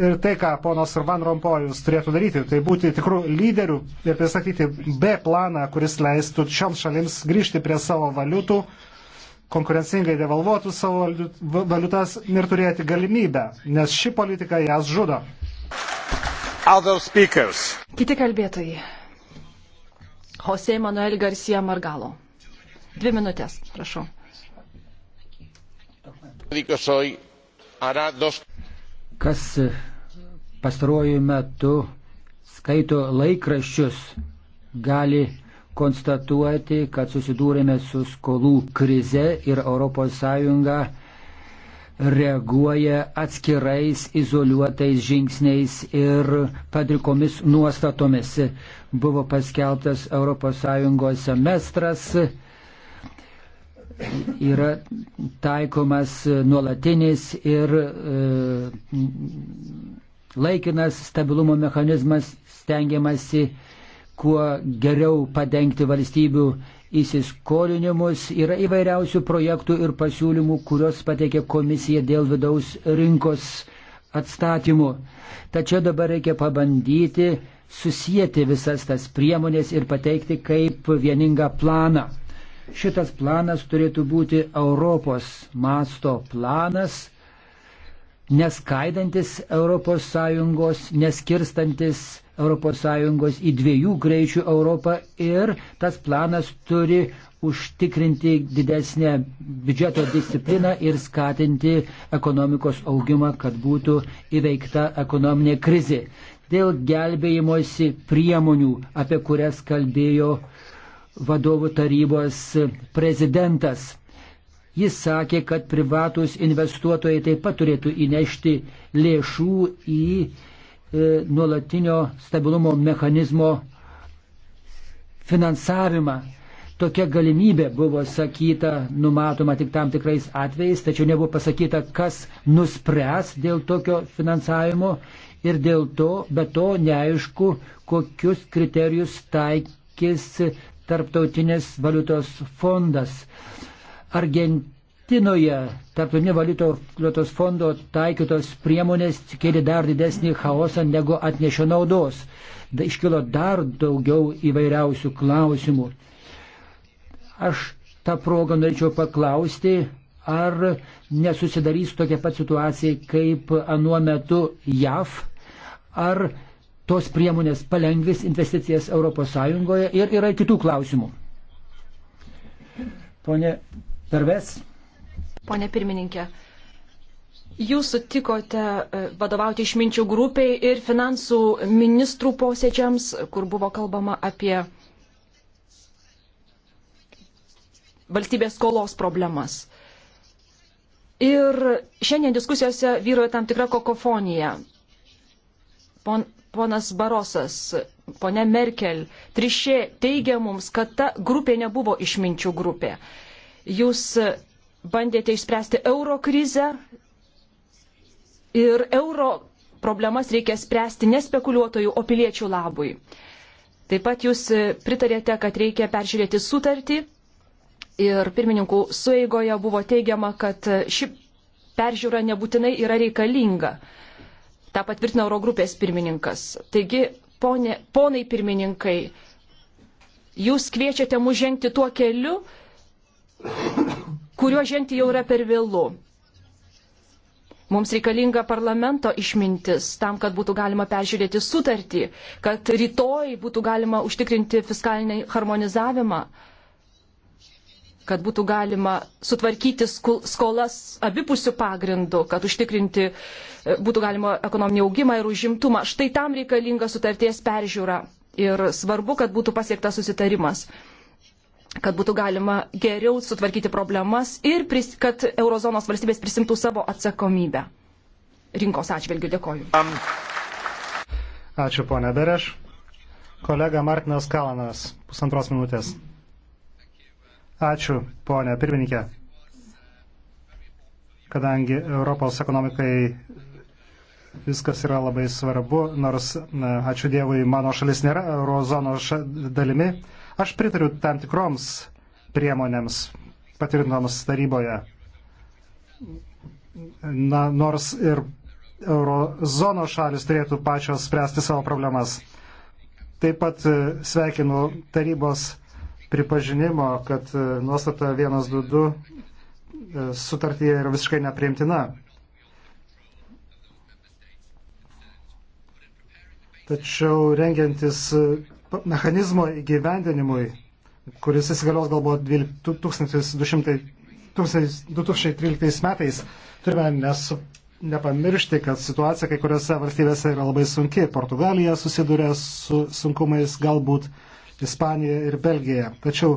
Ir tai, ką ponas Urban Rompojus turėtų daryti, tai būti tikrų lyderių ir pristatyti B planą, kuris leistų šioms šalims grįžti prie savo valiutų, konkurencingai devalvuotų savo valiutas ir turėti galimybę, nes ši politika jas žudo. Kiti kalbėtojai. Jose Manuel Garcia Margalo. Dvi minutės, prašau. Kas pastaruoju metu skaito laikraščius, gali konstatuoti, kad susidūrėme su skolų krize ir ES reaguoja atskirais izoliuotais žingsniais ir padrikomis nuostatomis. Buvo paskelbtas ES semestras, yra taikomas nuolatinis ir e, laikinas stabilumo mechanizmas, stengiamasi kuo geriau padengti valstybių įsiskolinimus. Yra įvairiausių projektų ir pasiūlymų, kurios pateikė komisija dėl vidaus rinkos atstatymu. Tačiau dabar reikia pabandyti susijęti visas tas priemonės ir pateikti kaip vieningą planą. Šitas planas turėtų būti Europos masto planas, neskaidantis ES, neskirstantis ES į dviejų greičių Europą ir tas planas turi užtikrinti didesnę biudžeto discipliną ir skatinti ekonomikos augimą, kad būtų įveikta ekonominė krizė. Dėl gelbėjimosi priemonių, apie kurias kalbėjo uh, vadovų tarybos prezidentas. Jis sakė, kad privatus investuotojai taip pat turėtų įnešti lėšų į e, nuolatinio stabilumo mechanizmo finansavimą. Tokia galimybė buvo sakyta, numatoma tik tam tikrais atvejais, tačiau nebuvo pasakyta, kas nuspręs dėl tokio finansavimo ir dėl to, be to neaišku, kokius kriterijus taikys Tarptautinis valiutos fondas. Argentinoje Tarptautinio valiutos fondo taikytos priemonės kėlė dar didesnį chaosą negu atnešė naudos. Da, iškilo dar daugiau įvairiausių klausimų. Aš tą progą norėčiau paklausti, ar nesusidarys tokia pat situacija kaip anuo metu JAV, ar tos priemonės palengvis investicijas ES ir yra kitų klausimų. Pone Perves. Pone pirmininkė, jūs sutikote e, vadovauti išminčių grupiai ir finansų ministrų posėdžiams, kur buvo kalbama apie valstybės skolos problemas. Ir šiandien diskusijose vyroja tam tikra kokofonija pon, ponas Barosas, ponė Merkel, Trišė teigia mums, kad ta grupė nebuvo išminčių grupė. Jūs bandėte išspręsti euro krizę ir euro problemas reikia spręsti ne spekuliuotojų, o piliečių labui. Taip pat jūs pritarėte, kad reikia peržiūrėti sutartį ir pirmininkų sueigoje buvo teigiama, kad ši peržiūra nebūtinai yra reikalinga. Ta patvirtino Eurogrupės pirmininkas. Taigi, ponė, ponai pirmininkai, jūs kviečiate mus žengti tuo keliu, kuriuo žengti jau yra per vėlų. Mums reikalinga parlamento išmintis tam, kad būtų galima peržiūrėti sutartį, kad rytoj būtų galima užtikrinti fiskalinį harmonizavimą kad būtų galima sutvarkyti skolas abipusių pagrindų, kad užtikrinti e, būtų galima ekonominį augimą ir užimtumą. Štai tam reikalinga sutarties peržiūra ir svarbu, kad būtų pasiektas susitarimas kad būtų galima geriau sutvarkyti problemas ir pris, kad eurozonos valstybės prisimtų savo atsakomybę. Rinkos atžvilgių dėkoju. Ačiū, ponė Bereš. Kolega Martinas Kalanas, pusantros minutės. Ačiū, ponė pirmininkė. Kadangi Europos ekonomikai viskas yra labai svarbu, nors, na, ačiū Dievui, mano šalis nėra eurozonos dalimi, aš pritariu tam tikroms priemonėms patvirtinoms taryboje. Na, nors ir eurozono šalis turėtų pačios spręsti savo problemas. Taip pat e, sveikinu tarybos pripažinimo, kad e, nuostata 122 e, sutartyje yra visiškai nepriimtina. Tačiau rengiantis e, mechanizmo įgyvendinimui, kuris įsigalios galbūt 1200, 2013 metais, turime nesu, nepamiršti, kad situacija kai kuriuose valstybėse yra labai sunki. Portugalija susiduria su sunkumais, galbūt Ispanija ir Belgija. Tačiau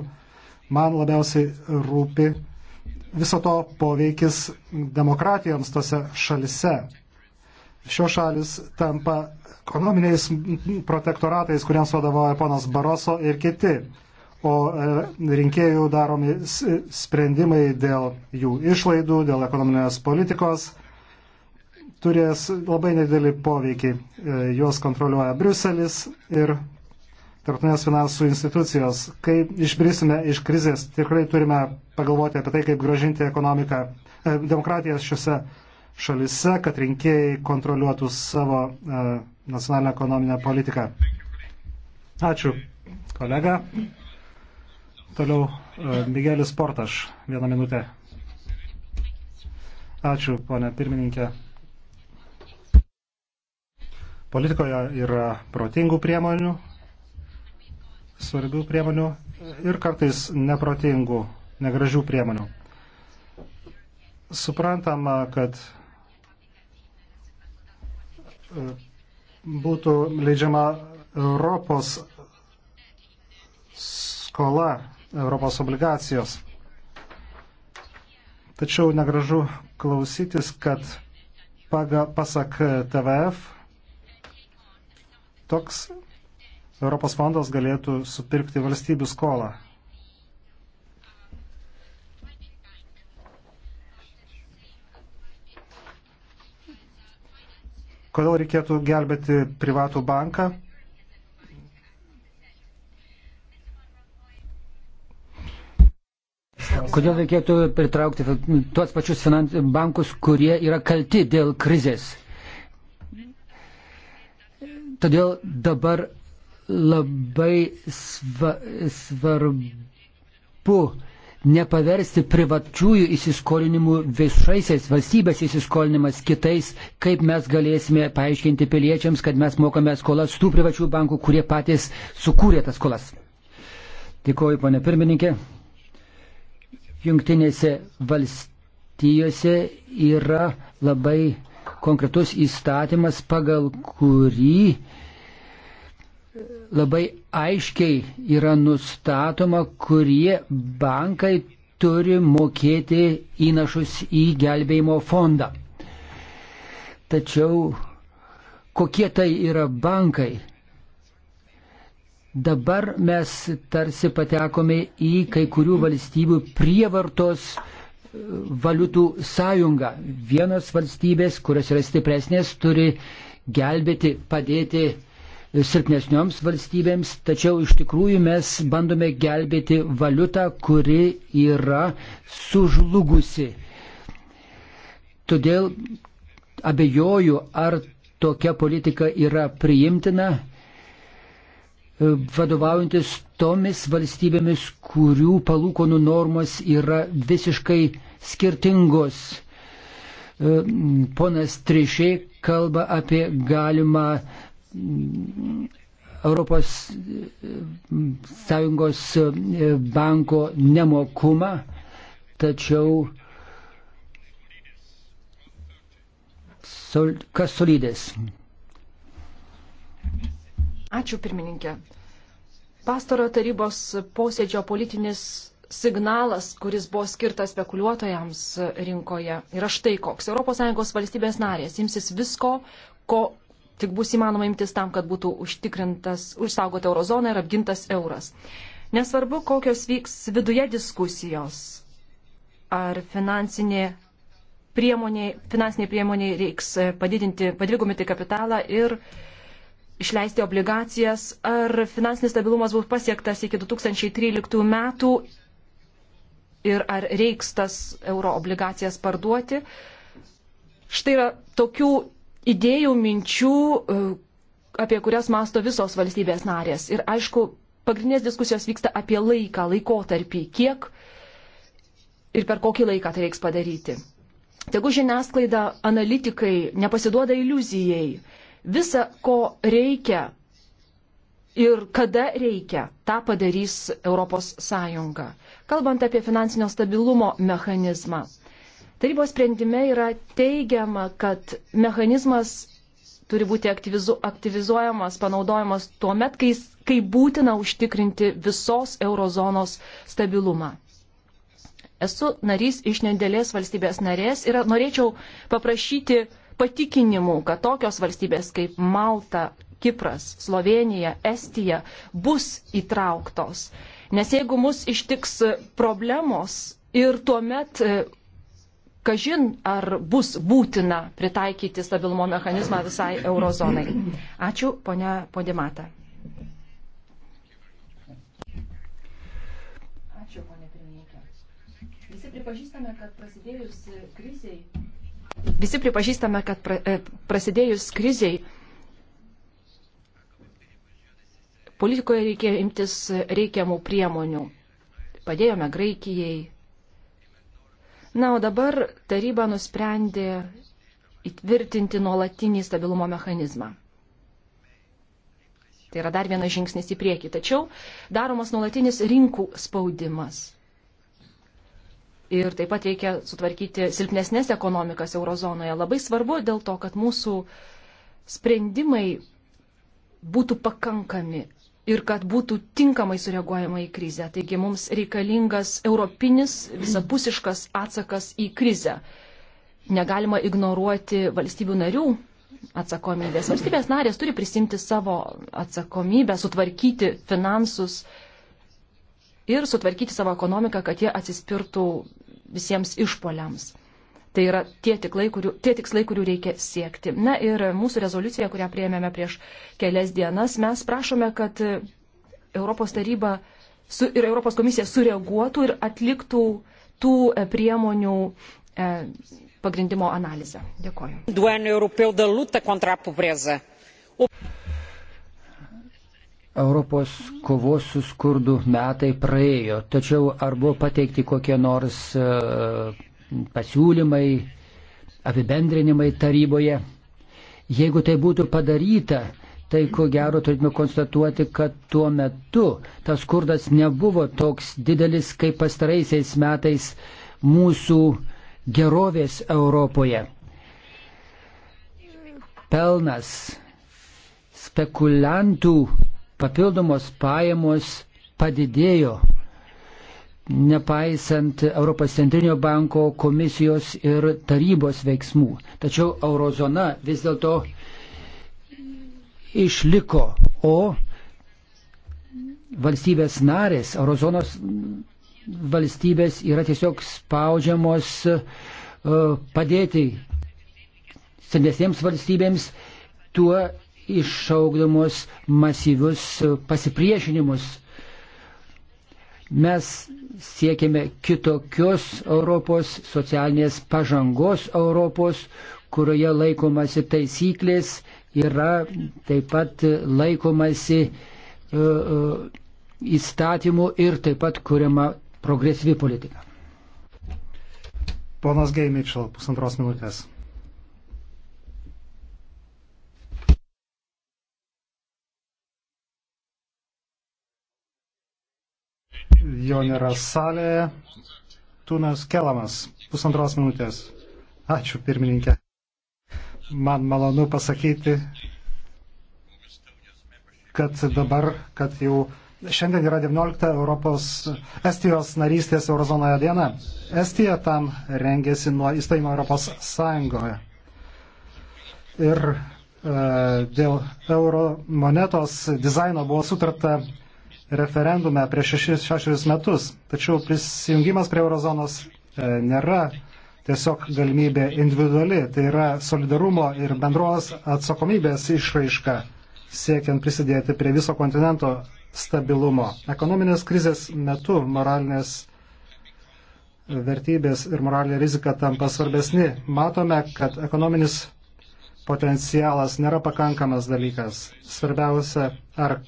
man labiausiai rūpi viso to poveikis demokratijoms tose šalise. Šios šalis tampa ekonominiais protektoratais, kuriems vadovauja ponas Baroso ir kiti, o e, rinkėjų daromi sprendimai dėl jų išlaidų, dėl ekonominės politikos turės labai nedėlį poveikį. E, juos kontroliuoja Bruselis ir tarptautinės finansų institucijos. Kai išbrisime iš krizės, tikrai turime pagalvoti apie tai, kaip gražinti ekonomiką, e, demokratiją šiuose šalise, kad rinkėjai kontroliuotų savo e, nacionalinę ekonominę politiką. Ačiū, kolega. Toliau e, Miguelis Portaš, vieną minutę. Ačiū, ponė pirmininkė. Politikoje yra protingų priemonių, svarbių priemonių ir kartais neprotingų, negražių priemonių. Suprantama, kad e, būtų leidžiama Europos skola, Europos obligacijos. Tačiau negražu klausytis, kad paga, pasak TVF toks Europos fondas galėtų supirkti valstybių skolą. Kodėl reikėtų gelbėti privatų banką? Kodėl reikėtų pritraukti tuos pačius finans, bankus, kurie yra kalti dėl krizės? Todėl dabar labai sva, svarbu nepaversti privačiųjų įsiskolinimų viešaisiais valstybės įsiskolinimas kitais, kaip mes galėsime paaiškinti piliečiams, kad mes mokame skolas tų privačių bankų, kurie patys sukūrė tas skolas. Dėkuoju, ponė pirmininkė. Junktinėse valstijose yra labai konkretus įstatymas, pagal kurį labai aiškiai yra nustatoma, kurie bankai turi mokėti įnašus į gelbėjimo fondą. Tačiau kokie tai yra bankai? Dabar mes tarsi patekome į kai kurių valstybių prievartos e, valiutų sąjungą. Vienos valstybės, kurios yra stipresnės, turi gelbėti, padėti silpnesnioms valstybėms, tačiau iš tikrųjų mes bandome gelbėti valiutą, kuri yra sužlugusi. Todėl abejoju, ar tokia politika yra priimtina, e, vadovaujantis tomis valstybėmis, kurių palūkonų normos yra visiškai skirtingos. E, ponas Trišė kalba apie galimą Europos Sąjungos e, banko nemokumą, tačiau sol, kas solidės. Ačiū pirmininkė. Pastarojo tarybos posėdžio politinis signalas, kuris buvo skirtas spekuliuotojams rinkoje, yra štai koks. ES valstybės narės imsis visko, ko tik bus įmanoma imtis tam, kad būtų užtikrintas, užsaugota eurozona ir apgintas euras. Nesvarbu, kokios vyks viduje diskusijos, ar finansinė priemonė, finansinė priemonė reiks e, padidinti, padvigumyti kapitalą ir išleisti obligacijas, ar finansinis stabilumas bus pasiektas iki 2013 metų ir ar reiks tas euro obligacijas parduoti. Štai yra tokių idėjų, minčių, e, apie kurias masto visos valstybės narės. Ir aišku, pagrindinės diskusijos vyksta apie laiką, laikotarpį, kiek ir per kokį laiką tai reiks padaryti. Tegu žiniasklaida, analitikai nepasiduoda iliuzijai. Visa, ko reikia ir kada reikia, tą padarys ES. Kalbant apie finansinio stabilumo mechanizmą, Tarybos sprendime yra teigiama, kad mechanizmas turi būti aktyvizu, aktyvizuojamas, panaudojamas tuo met, kai, kai būtina užtikrinti visos eurozonos stabilumą. Esu narys iš nedėlės valstybės narės ir norėčiau paprašyti patikinimų, kad tokios valstybės kaip Malta, Kipras, Slovenija, Estija bus įtrauktos. Nes jeigu mus ištiks problemos ir tuomet kažin ar bus būtina pritaikyti stabilumo mechanizmą visai eurozonai. Ačiū, ponia Podimata. Ačiū, ponia pirmininkė. Visi pripažįstame, kad prasidėjus kriziai. Visi pripažįstame, kad pra, e, prasidėjus kriziai politikoje reikėjo imtis reikiamų priemonių. Padėjome Graikijai, Na, o dabar taryba nusprendė įtvirtinti nuolatinį stabilumo mechanizmą. Tai yra dar vienas žingsnis į priekį. Tačiau daromas nuolatinis rinkų spaudimas. Ir taip pat reikia sutvarkyti silpnesnės ekonomikas eurozonoje. Labai svarbu dėl to, kad mūsų sprendimai būtų pakankami ir kad būtų tinkamai sureaguojama į krizę. Taigi mums reikalingas europinis visapusiškas atsakas į krizę. Negalima ignoruoti valstybių narių atsakomybės. Valstybės narės turi prisimti savo atsakomybę, sutvarkyti finansus ir sutvarkyti savo ekonomiką, kad jie atsispirtų visiems išpoliams. Tai yra tie, tiklai, kurių, tie tikslai, kurių reikia siekti. Na ir mūsų rezoliucija, kurią prieėmėme prieš kelias dienas, mes prašome, kad Europos taryba su, ir Europos komisija sureaguotų ir atliktų tų e, priemonių e, pagrindimo analizę. Dėkoju. Europos kovos su skurdu metai praėjo, tačiau ar buvo pateikti kokie nors e, pasiūlymai, apibendrinimai taryboje. Jeigu tai būtų padaryta, tai ko gero turėtume konstatuoti, kad tuo metu tas skurdas nebuvo toks didelis, kaip pastaraisiais metais mūsų gerovės Europoje. Pelnas, spekuliantų papildomos pajamos padidėjo nepaisant Europos centrinio banko komisijos ir tarybos veiksmų. Tačiau eurozona vis dėlto išliko, o valstybės narės, eurozonos valstybės yra tiesiog spaudžiamos e, padėti senesniems valstybėms, tuo iššaukdamos masyvius pasipriešinimus Mes siekiame kitokios Europos, socialinės pažangos Europos, kurioje laikomasi taisyklės, yra taip pat laikomasi uh, įstatymų ir taip pat kuriama progresyvi politika. Ponas Gay Mitchell, pusantros minutės. jo nėra salėje. Tūnas Kelamas, pusantros minutės. Ačiū, pirmininkė. Man malonu pasakyti, kad dabar, kad jau šiandien yra 19 Europos Estijos narystės eurozonoje diena. Estija tam rengėsi nuo įstojimo Europos Sąjungoje. Ir e, dėl euro monetos dizaino buvo sutarta referendume prieš šešis, šešis metus. Tačiau prisijungimas prie eurozonos e, nėra tiesiog galimybė individuali, tai yra solidarumo ir bendros atsakomybės išraiška siekiant prisidėti prie viso kontinento stabilumo. Ekonominės krizės metu moralinės vertybės ir moralinė rizika tampa svarbesni. Matome, kad ekonominis potencialas nėra pakankamas dalykas. Svarbiausia, ar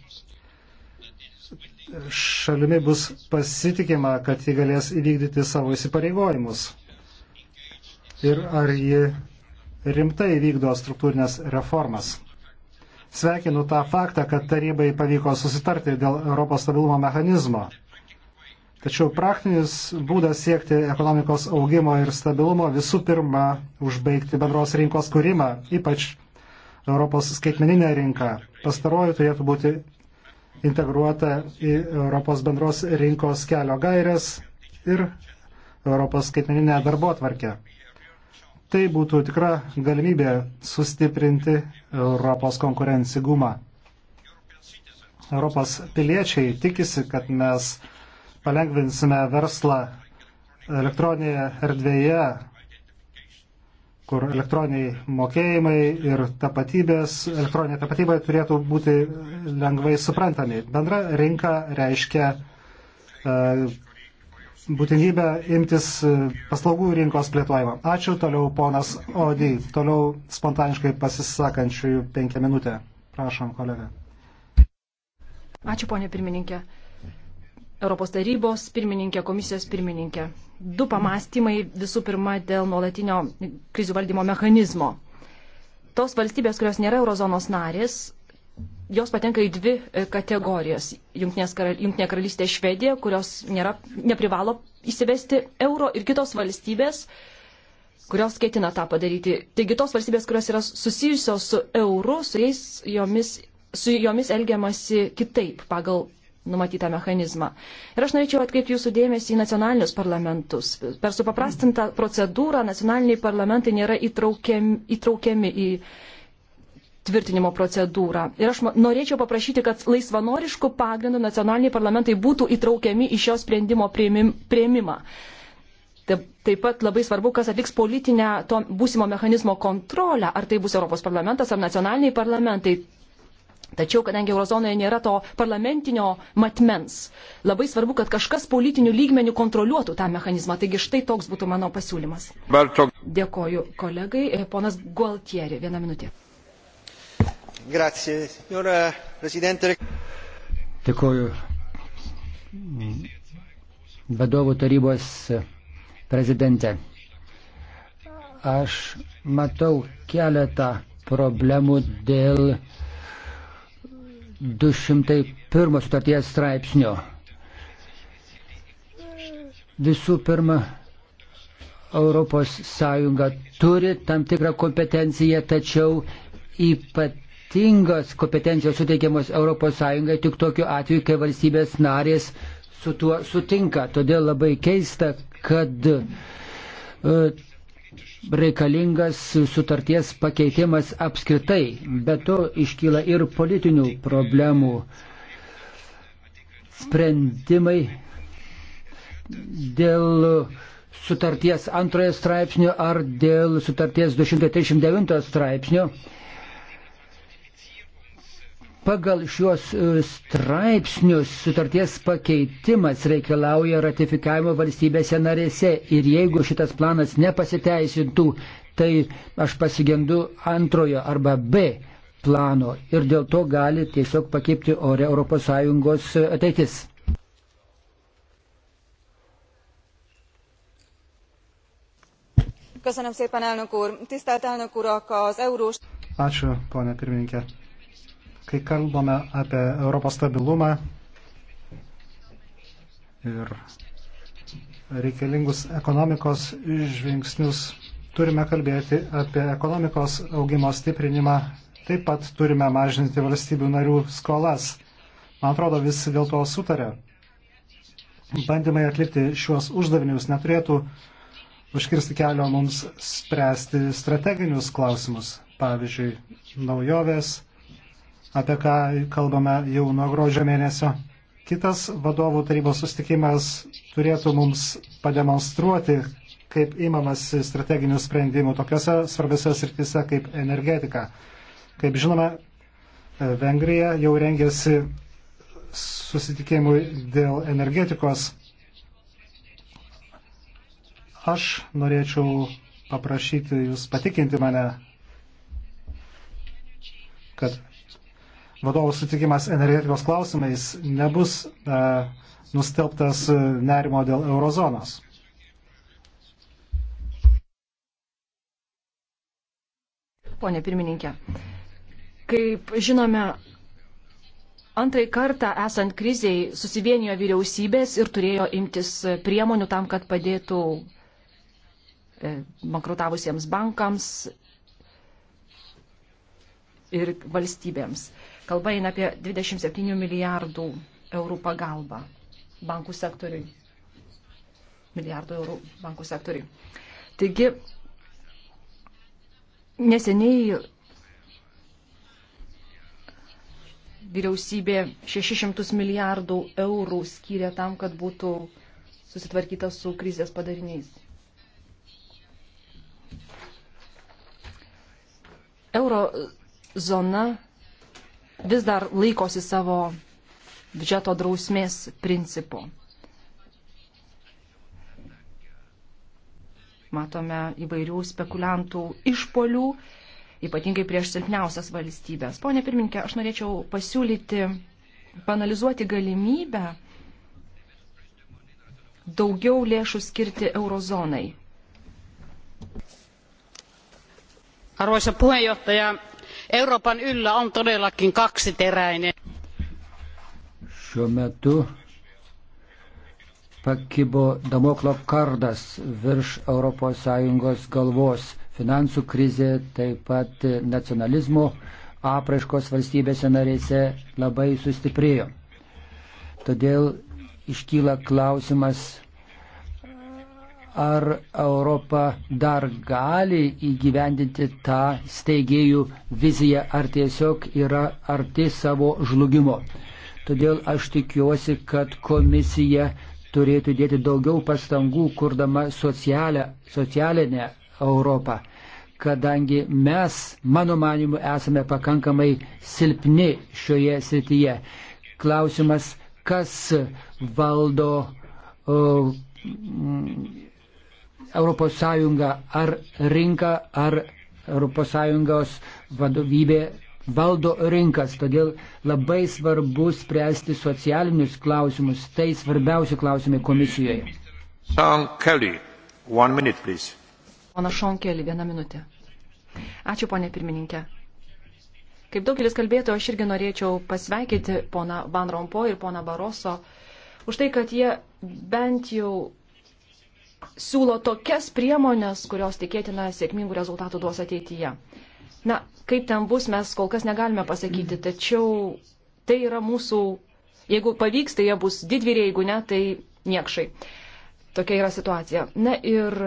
šalimi bus pasitikima, kad ji galės įvykdyti savo įsipareigojimus. Ir ar ji rimtai vykdo struktūrinės reformas. Sveikinu tą faktą, kad tarybai pavyko susitarti dėl Europos stabilumo mechanizmo. Tačiau praktinis būdas siekti ekonomikos augimo ir stabilumo visų pirma užbaigti bendros rinkos kūrimą, ypač Europos skaitmeninę rinką. Pastaroji turėtų būti integruota į Europos bendros rinkos kelio gairias ir Europos skaitmeninę darbo atvarkę. Tai būtų tikra galimybė sustiprinti Europos konkurencigumą. Europos piliečiai tikisi, kad mes palengvinsime verslą elektroninėje erdvėje kur elektroniniai mokėjimai ir tapatybės, elektroninė tapatybė turėtų būti lengvai suprantami. Bendra rinka reiškia uh, būtinybę imtis e, paslaugų rinkos plėtojimą. Ačiū toliau ponas Odi, toliau spontaniškai pasisakančiųjų penkią minutę. Prašom, kolega. Ačiū, ponė pirmininkė. Europos tarybos pirmininkė, komisijos pirmininkė. Du pamastymai visų pirma dėl nuolatinio krizių valdymo mechanizmo. Tos valstybės, kurios nėra eurozonos narės, jos patenka į dvi e, kategorijas. Junktinė karalystė Švedija, kurios nėra, neprivalo įsivesti euro ir kitos valstybės, kurios ketina tą padaryti. Taigi tos valstybės, kurios yra susijusios su euru, su, jais, jomis, su jomis elgiamasi kitaip pagal numatytą mechanizmą. Ir aš norėčiau atkreipti jūsų dėmesį į nacionalinius parlamentus. Per supaprastintą procedūrą nacionaliniai parlamentai nėra įtraukiami, įtraukiami į tvirtinimo procedūrą. Ir aš norėčiau paprašyti, kad laisvanoriškų pagrindų nacionaliniai parlamentai būtų įtraukiami į šio sprendimo prieimimą. Taip pat labai svarbu, kas atliks politinę to būsimo mechanizmo kontrolę, ar tai bus Europos parlamentas ar nacionaliniai parlamentai. Tačiau, kadangi eurozonoje nėra to parlamentinio matmens, labai svarbu, kad kažkas politinių lygmenių kontroliuotų tą mechanizmą. Taigi štai toks būtų mano pasiūlymas. Bartok. Dėkoju kolegai. E, ponas Gualtieri, vieną minutę. Grazie, signora eh, Presidente. Dėkoju. Vadovų tarybos prezidente. Aš matau keletą problemų dėl uh, 201 sutarties straipsnio. Visų pirma, ES turi tam tikrą kompetenciją, tačiau ypatingos kompetencijos suteikiamos ES tik tokiu atveju, kai valstybės narės su tuo sutinka. Todėl labai keista, kad e, reikalingas sutarties pakeitimas apskritai, bet to iškyla ir politinių problemų sprendimai dėl sutarties antrojo straipsnio ar dėl sutarties 239 straipsnio Pagal šiuos e, straipsnius sutarties pakeitimas reikalauja ratifikavimo valstybėse narėse ir jeigu šitas planas nepasiteisintų, tai aš pasigendu antrojo arba B plano ir dėl to gali tiesiog pakipti ore ES ateitis. Köszönöm szépen, elnök úr. Tisztelt elnök urak, az eurós... Ačiū, ponia pirmininkė kai kalbame apie Europos stabilumą ir reikalingus ekonomikos žingsnius, turime kalbėti apie ekonomikos augimo stiprinimą, taip pat turime mažinti valstybių narių skolas. Man atrodo, visi dėl to sutarė. Bandymai atlikti šiuos uždavinius neturėtų užkirsti kelio mums spręsti strateginius klausimus, pavyzdžiui, naujovės, apie ką kalbame jau nuo gruodžio mėnesio. Kitas vadovų tarybos sustikimas turėtų mums pademonstruoti, kaip įmamasi strateginių sprendimų tokiuose svarbiose srityse kaip energetika. Kaip žinome, Vengrija jau rengėsi susitikimui dėl energetikos. Aš norėčiau paprašyti Jūs patikinti mane, kad vadovų sutikimas energetikos klausimais nebus e, nustelbtas nerimo dėl eurozonos. Pone pirmininkė, kaip žinome, Antrai kartą esant kriziai susivienijo vyriausybės ir turėjo imtis priemonių tam, kad padėtų e, bankrutavusiems bankams ir valstybėms. Kalba eina apie 27 milijardų eurų pagalbą bankų sektoriui. Milijardų eurų bankų sektoriui. Taigi, neseniai vyriausybė 600 milijardų eurų skyrė tam, kad būtų susitvarkyta su krizės padariniais. Euro zona vis dar laikosi savo biudžeto drausmės principu. Matome įvairių spekuliantų išpolių, ypatingai prieš silpniausias valstybės. Pone pirminkė, aš norėčiau pasiūlyti, panalizuoti galimybę daugiau lėšų skirti eurozonai. Arvoisa puheenjohtaja, Euroopan yllä on todellakin kaksiteräinen. Šiuo metu pakibo Damoklo kardas virš ES galvos. Finansų krizė, taip pat nacionalizmo apraiškos valstybėse narėse labai sustiprėjo. Todėl iškyla klausimas, ar Europa dar gali įgyvendinti tą steigėjų viziją, ar tiesiog yra arti savo žlugimo. Todėl aš tikiuosi, kad komisija turėtų dėti daugiau pastangų, kurdama socialę, socialinę Europą, kadangi mes, mano manimu, esame pakankamai silpni šioje srityje. Klausimas, kas valdo o, m, ES ar rinka, ar ES vadovybė valdo rinkas, todėl labai svarbu spręsti socialinius klausimus, tai svarbiausi klausimai komisijoje. Sean Kelly, one minute, please. Pana Sean Kelly, vieną minutę. Ačiū, ponė pirmininkė. Kaip daugelis kalbėtojų, aš irgi norėčiau pasveikinti poną Van Rompo ir poną Baroso už tai, kad jie bent jau siūlo tokias priemonės, kurios tikėtina sėkmingų rezultatų duos ateityje. Na, kaip ten bus, mes kol kas negalime pasakyti, tačiau tai yra mūsų, jeigu pavyks, tai jie bus didvyriai, jeigu ne, tai niekšai. Tokia yra situacija. Na ir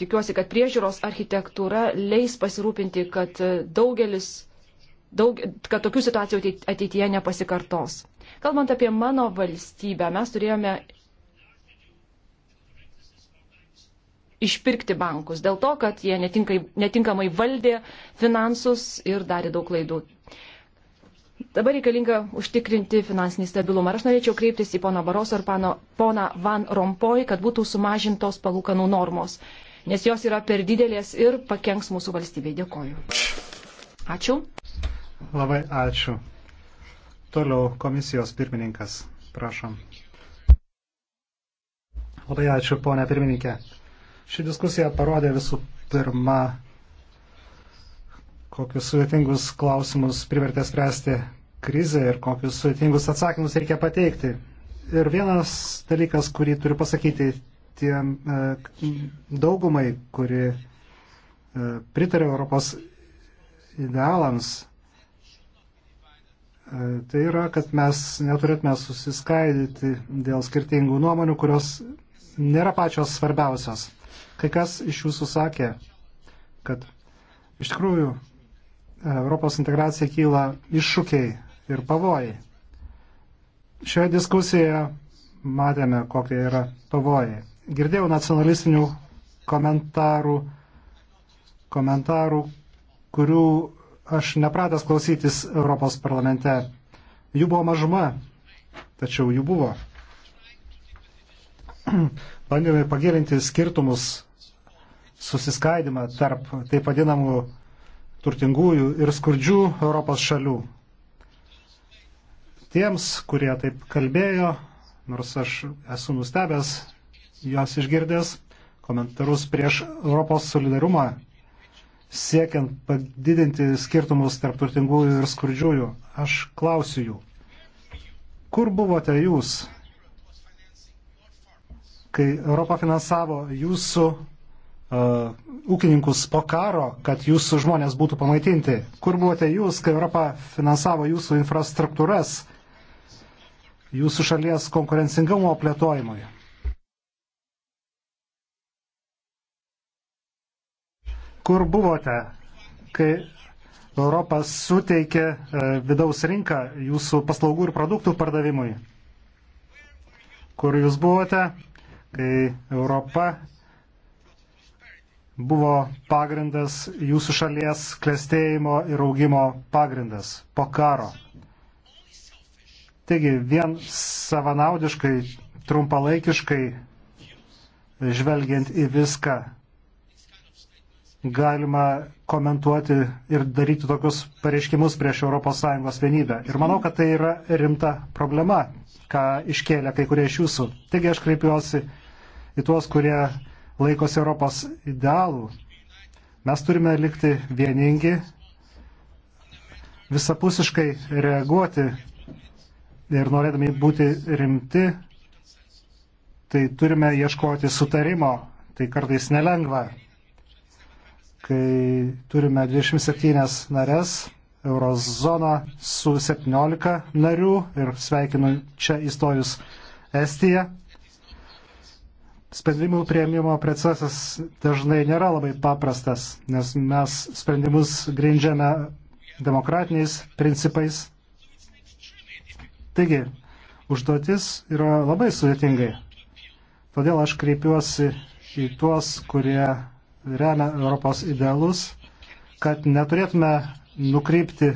tikiuosi, kad priežiūros architektūra leis pasirūpinti, kad daugelis, daug, kad tokių situacijų ateityje nepasikartos. Kalbant apie mano valstybę, mes turėjome išpirkti bankus dėl to, kad jie netinkai, netinkamai valdė finansus ir darė daug klaidų. Dabar reikalinga užtikrinti finansinį stabilumą. Ar aš norėčiau kreiptis į pono Baroso ir pano, pona Van Rompoj, kad būtų sumažintos palūkanų normos, nes jos yra per didelės ir pakenks mūsų valstybei. Dėkoju. Ačiū. Labai ačiū. Toliau komisijos pirmininkas. Prašom. Labai ačiū, ponia pirmininkė. Ši diskusija parodė visų pirma, kokius sudėtingus klausimus privertė spręsti krizę ir kokius sudėtingus atsakymus reikia pateikti. Ir vienas dalykas, kurį turiu pasakyti tiem e, daugumai, kuri e, pritarė Europos idealams, e, tai yra, kad mes neturėtume susiskaidyti dėl skirtingų nuomonių, kurios nėra pačios svarbiausios. Kai kas iš jūsų sakė, kad iš tikrųjų e, Europos integracija kyla iššūkiai ir pavojai. Šioje diskusijoje matėme, kokie yra pavojai. Girdėjau nacionalistinių komentarų, komentarų, kurių aš nepratęs klausytis Europos parlamente. Jų buvo mažuma, tačiau jų buvo. Bandėme pagilinti skirtumus susiskaidimą tarp taip vadinamų turtingųjų ir skurdžių Europos šalių. Tiems, kurie taip kalbėjo, nors aš esu nustebęs jos išgirdęs komentarus prieš Europos solidarumą, siekiant padidinti skirtumus tarp turtingųjų ir skurdžiųjų, aš klausiu jų, kur buvote jūs, kai Europa finansavo jūsų uh, ūkininkus po karo, kad jūsų žmonės būtų pamaitinti? Kur buvote jūs, kai Europa finansavo jūsų infrastruktūras, jūsų šalies konkurencingumo plėtojimui? Kur buvote, kai Europa suteikė e, vidaus rinką jūsų paslaugų ir produktų pardavimui. Kur jūs buvote, kai Europa buvo pagrindas jūsų šalies klėstėjimo ir augimo pagrindas po karo. Taigi vien savanaudiškai, trumpalaikiškai žvelgiant į viską, galima komentuoti ir daryti tokius pareiškimus prieš ES vienybę. Ir manau, kad tai yra rimta problema, ką iškėlė kai kurie iš jūsų. Taigi aš kreipiuosi į tuos, kurie laikosi Europos idealų, mes turime likti vieningi, visapusiškai reaguoti ir norėdami būti rimti, tai turime ieškoti sutarimo, tai kartais nelengva, kai turime 27 nares, eurozoną su 17 narių ir sveikinu čia įstojus Estiją sprendimų prieimimo procesas dažnai nėra labai paprastas, nes mes sprendimus grindžiame demokratiniais principais. Taigi, užduotis yra labai sudėtingai. Todėl aš kreipiuosi į tuos, kurie remia Europos idealus, kad neturėtume nukrypti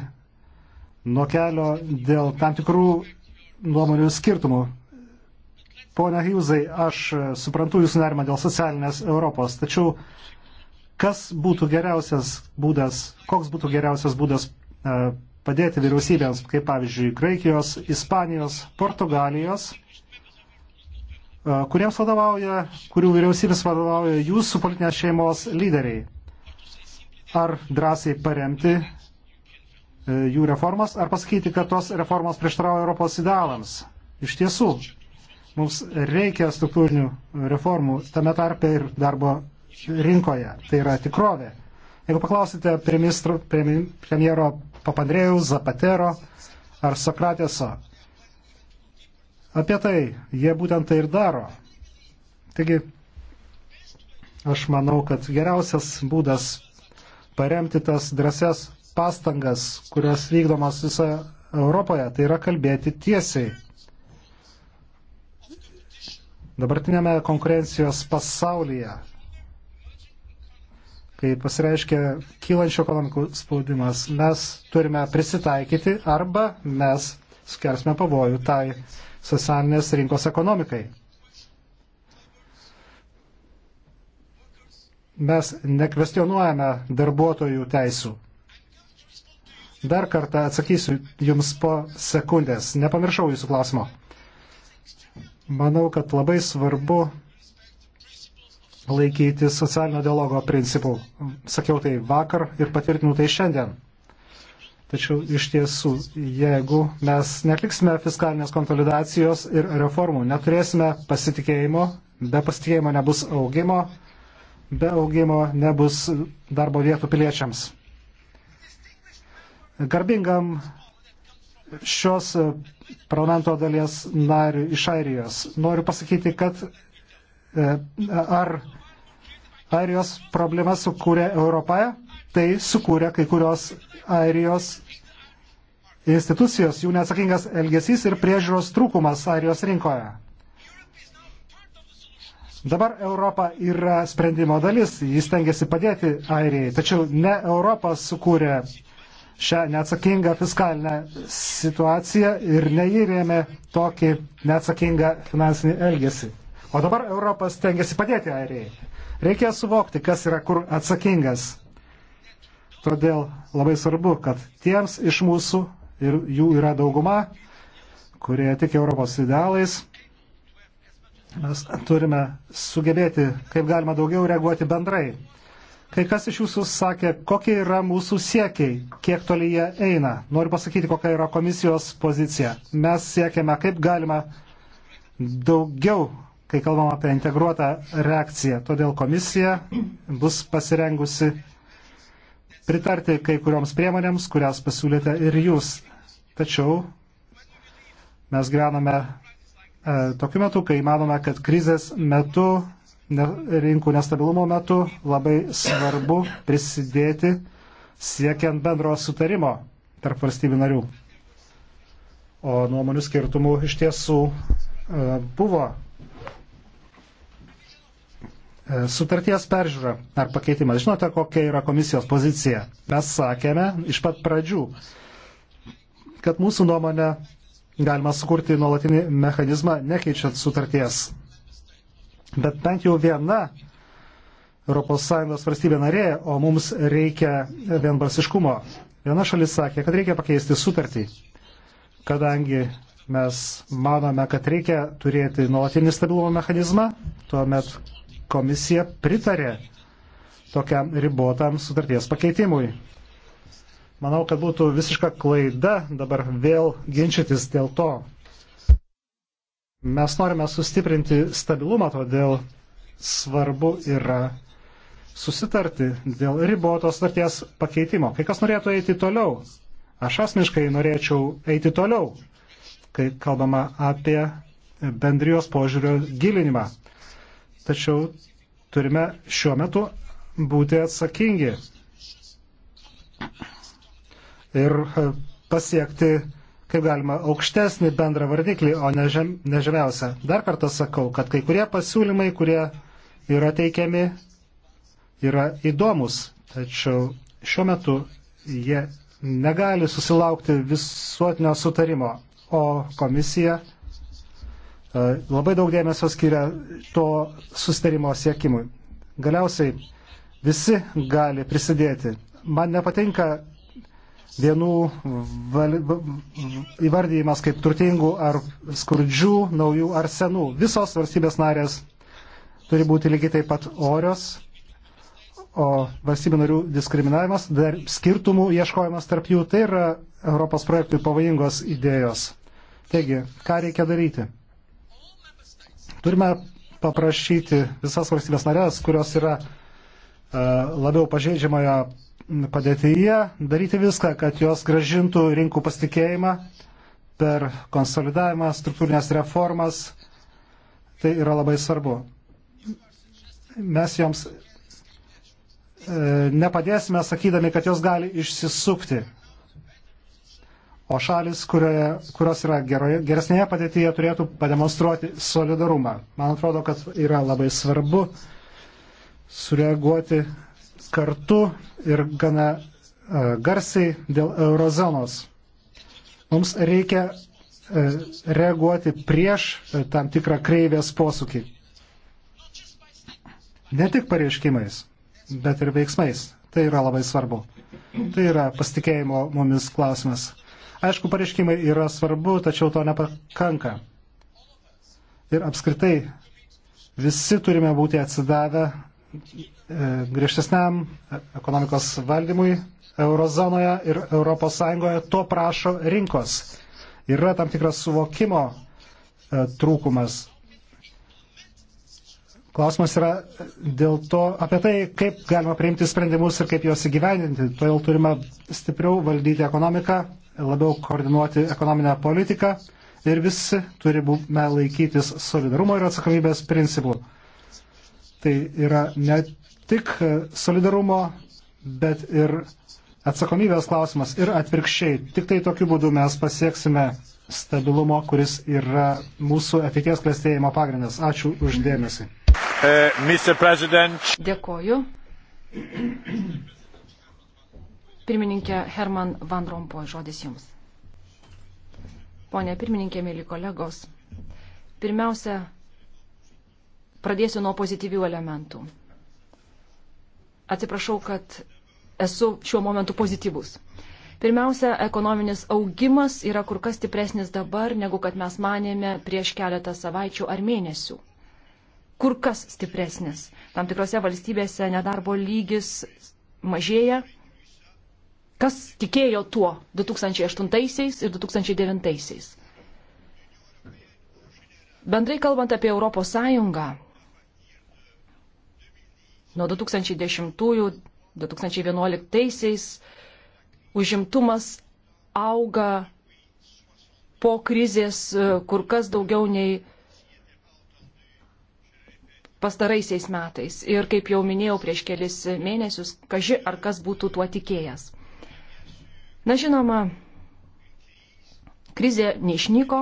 nuo kelio dėl tam tikrų nuomonių skirtumų. Pone Hjūzai, aš e, suprantu jūsų nerimą dėl socialinės Europos, tačiau kas būtų geriausias būdas, koks būtų geriausias būdas e, padėti vyriausybėms, kaip pavyzdžiui, Graikijos, Ispanijos, Portugalijos, e, kuriems vadovauja, kurių vyriausybės vadovauja jūsų politinės šeimos lyderiai. Ar drąsiai paremti jų reformas, ar pasakyti, kad tos reformos prieštarauja Europos idealams. Iš tiesų, Mums reikia struktūrinių reformų, tame tarpe ir darbo rinkoje. Tai yra tikrovė. Jeigu paklausite ministro, premjero Papandrėjus, Zapatero ar Sokrateso apie tai, jie būtent tai ir daro. Taigi, aš manau, kad geriausias būdas paremti tas drąsias pastangas, kurios vykdomas visoje Europoje, tai yra kalbėti tiesiai. Dabartinėme konkurencijos pasaulyje, kai pasireiškia kylančio ekonomikų spaudimas, mes turime prisitaikyti arba mes skersime pavojų tai socialinės rinkos ekonomikai. Mes nekvestionuojame darbuotojų teisų. Dar kartą atsakysiu jums po sekundės. Nepamiršau jūsų klausimo. Manau, kad labai svarbu laikyti socialinio dialogo principų. Sakiau tai vakar ir patvirtinau tai šiandien. Tačiau iš tiesų, jeigu mes netliksime fiskalinės konsolidacijos ir reformų, neturėsime pasitikėjimo, be pasitikėjimo nebus augimo, be augimo nebus darbo vietų piliečiams. Garbingam šios e, parlamento dalies narių iš Airijos. Noriu pasakyti, kad e, ar Airijos problema sukūrė Europoje, tai sukūrė kai kurios Airijos institucijos, jų neatsakingas elgesys ir priežiūros trūkumas Airijos rinkoje. Dabar Europa yra sprendimo dalis, jis tengiasi padėti Airijai, tačiau ne Europas sukūrė uh, šią neatsakingą fiskalinę situaciją ir neįrėmė tokį neatsakingą finansinį elgesį. O dabar Europas tengiasi padėti Airijai. Reikia suvokti, kas yra kur atsakingas. Todėl labai svarbu, kad tiems iš mūsų, ir jų yra dauguma, kurie tik Europos idealais, mes turime sugebėti, kaip galima daugiau reaguoti bendrai. Kai kas iš jūsų sakė, kokie yra mūsų siekiai, kiek toli jie eina. Noriu pasakyti, kokia yra komisijos pozicija. Mes siekiame, kaip galima daugiau, kai kalbam apie integruotą reakciją. Todėl komisija bus pasirengusi pritarti kai kurioms priemonėms, kurias pasiūlėte ir jūs. Tačiau mes gyvename e, tokiu metu, kai manome, kad krizės metu rinkų nestabilumo metu labai svarbu prisidėti siekiant bendro sutarimo tarp valstybių narių. O nuomonių skirtumų iš tiesų e, buvo e, sutarties peržiūra ar pakeitimas. Žinote, kokia yra komisijos pozicija? Mes sakėme iš pat pradžių, kad mūsų nuomonė galima sukurti nuolatinį mechanizmą nekeičiant sutarties. Bet bent jau viena ES valstybė narė, o mums reikia vienbalsiškumo. Viena šalis sakė, kad reikia pakeisti sutartį, kadangi mes manome, kad reikia turėti nuolatinį stabilumo mechanizmą, tuomet komisija pritarė tokiam ribotam sutarties pakeitimui. Manau, kad būtų visiška klaida dabar vėl ginčytis dėl to. Mes norime sustiprinti stabilumą, todėl svarbu yra susitarti dėl ribotos starties pakeitimo. Kai kas norėtų eiti toliau, aš asmeniškai norėčiau eiti toliau, kai kalbama apie bendrijos požiūrio gilinimą. Tačiau turime šiuo metu būti atsakingi ir pasiekti kaip galima aukštesnį bendrą vardiklį, o ne, žem, ne žemiausią. Dar kartą sakau, kad kai kurie pasiūlymai, kurie yra teikiami, yra įdomus, tačiau šiuo metu jie negali susilaukti visuotinio sutarimo, o komisija e, labai daug dėmesio skiria to sustarimo siekimui. Galiausiai visi gali prisidėti. Man nepatinka vienų įvardyjimas kaip turtingų ar skurdžių, naujų ar senų. Visos valstybės narės turi būti lygiai taip pat orios, o valstybių narių diskriminavimas, dar skirtumų ieškojimas tarp jų, tai yra Europos projektui pavojingos idėjos. Taigi, ką reikia daryti? Turime paprašyti visas valstybės narės, kurios yra uh, labiau pažeidžiamojo padėtyje daryti viską, kad jos gražintų rinkų pasitikėjimą per konsolidavimą, struktūrinės reformas. Tai yra labai svarbu. Mes joms e, nepadėsime sakydami, kad jos gali išsisukti. O šalis, kurioje, kurios yra geroje, geresnėje padėtyje, turėtų pademonstruoti solidarumą. Man atrodo, kad yra labai svarbu sureaguoti kartu ir gana e, garsiai dėl eurozonos. Mums reikia e, reaguoti prieš e, tam tikrą kreivės posūkį. Ne tik pareiškimais, bet ir veiksmais. Tai yra labai svarbu. Tai yra pasitikėjimo mumis klausimas. Aišku, pareiškimai yra svarbu, tačiau to nepakanka. Ir apskritai visi turime būti atsidavę E, griežtesniam ekonomikos valdymui eurozonoje ir Europos Sąjungoje. To prašo rinkos. Yra tam tikras suvokimo e, trūkumas. Klausimas yra dėl to, apie tai, kaip galima priimti sprendimus ir kaip juos įgyvendinti. Todėl turime stipriau valdyti ekonomiką, labiau koordinuoti ekonominę politiką ir visi turime laikytis solidarumo ir atsakomybės principų. Tai yra ne tik solidarumo, bet ir atsakomybės klausimas ir atvirkščiai. Tik tai tokiu būdu mes pasieksime stabilumo, kuris yra mūsų ateities klėstėjimo pagrindas. Ačiū uždėmesi. E, Dėkoju. Pirmininkė Herman Van Rompuy, žodis Jums. Pone pirmininkė, mėly kolegos, pirmiausia, pradėsiu nuo pozityvių elementų. Atsiprašau, kad esu šiuo momentu pozityvus. Pirmiausia, ekonominis augimas yra kur kas stipresnis dabar, negu kad mes manėme prieš keletą savaičių ar mėnesių. Kur kas stipresnis. Tam tikrose valstybėse nedarbo lygis mažėja. Kas tikėjo tuo 2008 ir 2009? -aisiais? Bendrai kalbant apie Europos Sąjungą, Nuo 2010-2011 užimtumas auga po krizės e, kur kas daugiau nei pastaraisiais metais. Ir kaip jau minėjau prieš kelis mėnesius, kaži ar kas būtų tuo tikėjęs. Na žinoma, krizė neišnyko,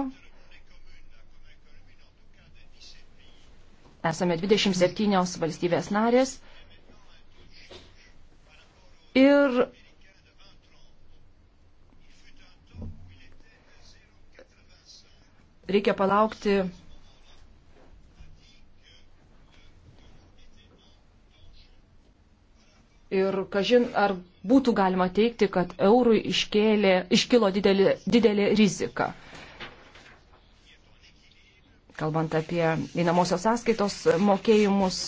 Esame 27 valstybės narės. Ir reikia palaukti ir kažin, ar būtų galima teikti, kad eurui iškėlė, iškilo didelį, didelį riziką kalbant apie einamosios sąskaitos mokėjimus,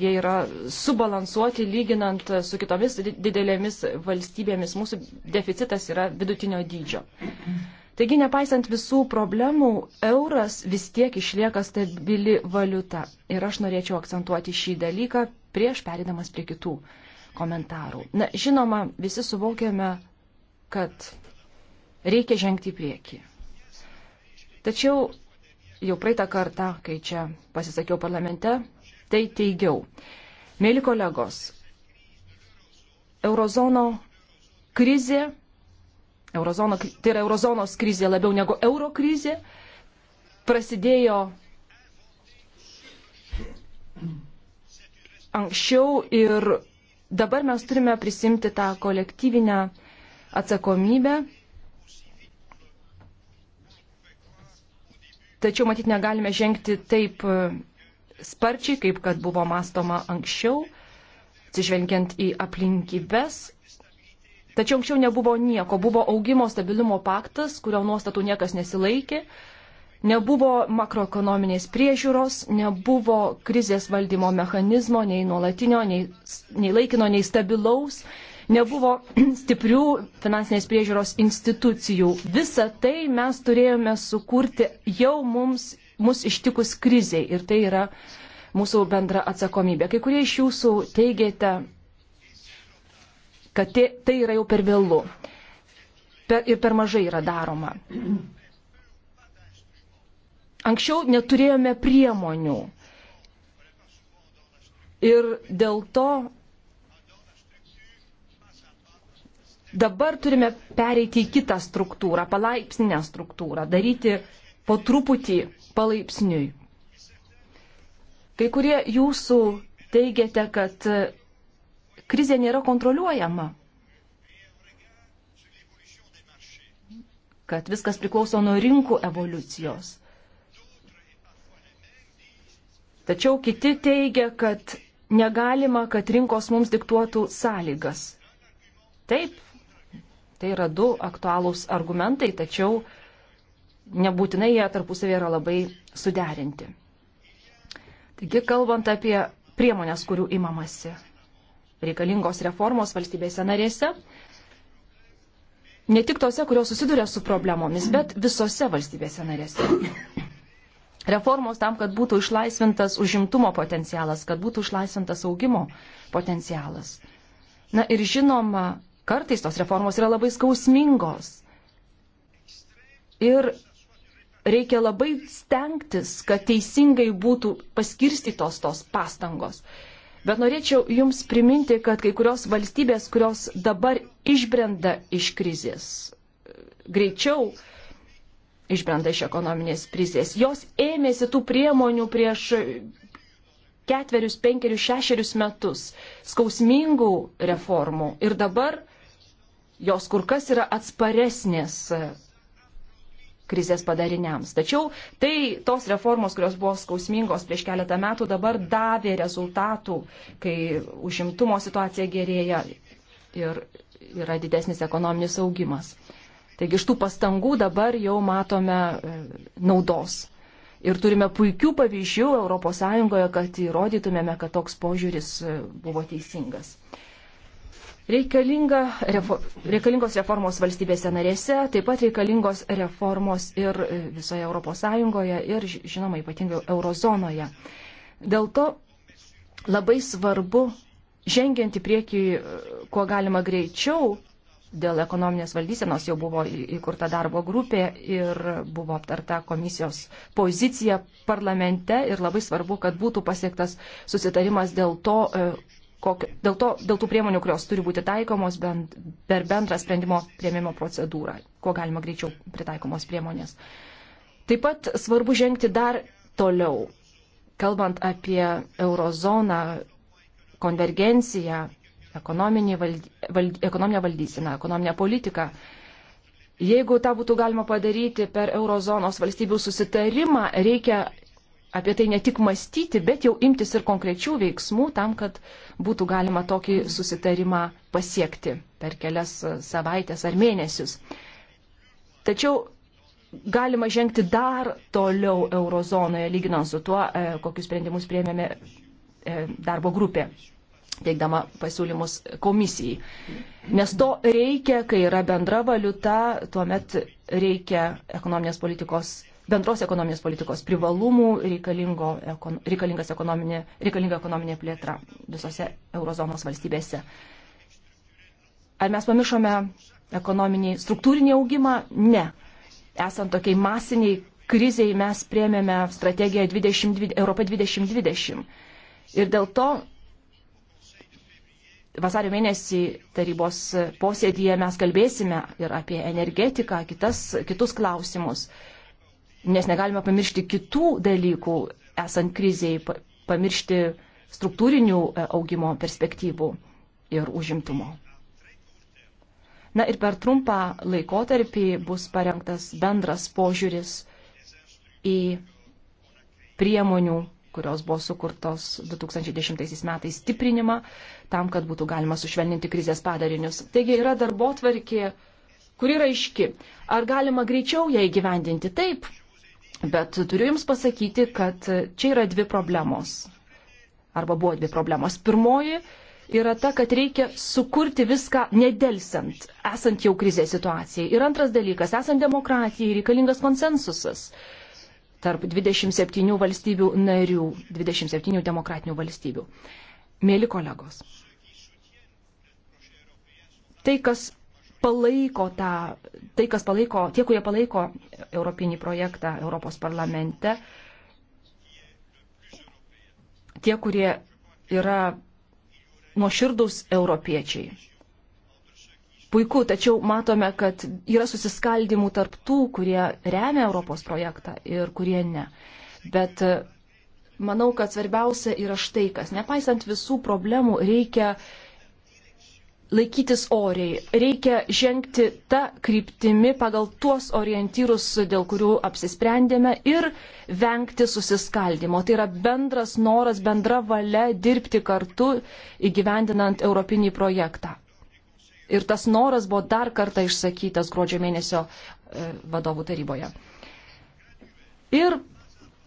jie yra subalansuoti lyginant su kitomis didelėmis valstybėmis. Mūsų deficitas yra vidutinio dydžio. Taigi, nepaisant visų problemų, euras vis tiek išlieka stabili valiuta. Ir aš norėčiau akcentuoti šį dalyką prieš perėdamas prie kitų komentarų. Na, žinoma, visi suvokiame, kad reikia žengti į priekį. Tačiau jau praeitą kartą, kai čia pasisakiau parlamente, tai teigiau. Mėly kolegos, eurozono krizė, eurozono, tai yra eurozonos krizė labiau negu euro krizė, prasidėjo anksčiau ir dabar mes turime prisimti tą kolektyvinę atsakomybę Tačiau matyt negalime žengti taip e, sparčiai, kaip kad buvo mastoma anksčiau, atsižvelgiant į aplinkybės. Tačiau anksčiau nebuvo nieko. Buvo augimo stabilumo paktas, kurio nuostatų niekas nesilaikė. Nebuvo makroekonominės priežiūros, nebuvo krizės valdymo mechanizmo, nei nuolatinio, nei, nei laikino, nei stabilaus, nebuvo stiprių finansinės priežiūros institucijų. Visą tai mes turėjome sukurti jau mums, mus ištikus kriziai ir tai yra mūsų bendra atsakomybė. Kai kurie iš jūsų teigėte, kad tai yra jau per vėlų per, ir per mažai yra daroma. Anksčiau neturėjome priemonių ir dėl to Dabar turime pereiti į kitą struktūrą, palaipsninę struktūrą, daryti po truputį palaipsniui. Kai kurie jūsų teigiate, kad krizė nėra kontroliuojama, kad viskas priklauso nuo rinkų evoliucijos. Tačiau kiti teigia, kad negalima, kad rinkos mums diktuotų sąlygas. Taip, Tai yra du aktualūs argumentai, tačiau nebūtinai jie tarpusavėje yra labai suderinti. Taigi, kalbant apie priemonės, kurių imamasi, reikalingos reformos valstybėse narėse, ne tik tose, kurios susiduria su problemomis, bet visose valstybėse narėse. Reformos tam, kad būtų išlaisvintas užimtumo potencialas, kad būtų išlaisvintas augimo potencialas. Na ir žinoma, Kartais tos reformos yra labai skausmingos. Ir reikia labai stengtis, kad teisingai būtų paskirstytos tos pastangos. Bet norėčiau Jums priminti, kad kai kurios valstybės, kurios dabar išbrenda iš krizės, greičiau išbrenda iš ekonominės krizės, jos ėmėsi tų priemonių prieš ketverius, penkerius, šešerius metus skausmingų reformų. Ir dabar jos kur kas yra atsparesnės e, krizės padariniams. Tačiau tai tos reformos, kurios buvo skausmingos prieš keletą metų, dabar davė rezultatų, kai užimtumo situacija gerėja ir yra didesnis ekonominis augimas. Taigi iš tų pastangų dabar jau matome e, naudos. Ir turime puikių pavyzdžių ES, kad įrodytumėme, kad toks požiūris e, buvo teisingas. Reikalinga, refo, reikalingos reformos valstybėse narėse, taip pat reikalingos reformos ir visoje ES ir, žinoma, ypatingai eurozonoje. Dėl to labai svarbu, žengiant į priekį, kuo galima greičiau, dėl ekonominės valdysenos jau buvo įkurta darbo grupė ir buvo aptarta komisijos pozicija parlamente ir labai svarbu, kad būtų pasiektas susitarimas dėl to, kokio, dėl, to, dėl tų priemonių, kurios turi būti taikomos bent, per bendrą sprendimo prieimimo procedūrą, kuo galima greičiau pritaikomos priemonės. Taip pat svarbu žengti dar toliau, kalbant apie eurozoną, konvergenciją, ekonominę valdysiną, ekonominę politiką. Jeigu tą būtų galima padaryti per eurozonos valstybių susitarimą, reikia apie tai ne tik mąstyti, bet jau imtis ir konkrečių veiksmų tam, kad būtų galima tokį susitarimą pasiekti per kelias savaitės ar mėnesius. Tačiau galima žengti dar toliau eurozonoje, lyginant su tuo, e, kokius sprendimus priemėme e, darbo grupė, teikdama pasiūlymus komisijai. Nes to reikia, kai yra bendra valiuta, tuomet reikia ekonominės politikos bendros ekonominės politikos privalumų, ekon, ekonominė, reikalinga ekonominė plėtra visose eurozonos valstybėse. Ar mes pamiršome ekonominį struktūrinį augimą? Ne. Esant tokiai masiniai kriziai mes priemėme strategiją 20, Europa 2020. Ir dėl to vasario mėnesį tarybos posėdėje mes kalbėsime ir apie energetiką, kitas, kitus klausimus nes negalime pamiršti kitų dalykų, esant kriziai, pamiršti struktūrinių e, augimo perspektyvų ir užimtumo. Na ir per trumpą laikotarpį bus parengtas bendras požiūris į priemonių, kurios buvo sukurtos 2010 metais stiprinimą, tam, kad būtų galima sušvelninti krizės padarinius. Taigi yra darbo tvarkė, kuri yra aiški. Ar galima greičiau ją įgyvendinti? Taip, Bet turiu Jums pasakyti, kad čia yra dvi problemos. Arba buvo dvi problemos. Pirmoji yra ta, kad reikia sukurti viską nedelsiant, esant jau krizės situacijai. Ir antras dalykas, esant demokratijai, reikalingas konsensusas tarp 27 valstybių narių, 27 demokratinių valstybių. Mėly kolegos, tai, kas palaiko tą, tai, kas palaiko, tie, kurie palaiko europinį projektą Europos parlamente, tie, kurie yra nuoširdus europiečiai. Puiku, tačiau matome, kad yra susiskaldimų tarp tų, kurie remia Europos projektą ir kurie ne. Bet e, manau, kad svarbiausia yra štai kas. Nepaisant visų problemų, reikia uh, laikytis oriai. Reikia žengti tą kryptimį pagal tuos orientyrus, dėl kurių apsisprendėme ir vengti susiskaldimo. Tai yra bendras noras, bendra valia dirbti kartu įgyvendinant europinį projektą. Ir tas noras buvo dar kartą išsakytas gruodžio mėnesio e, vadovų taryboje. Ir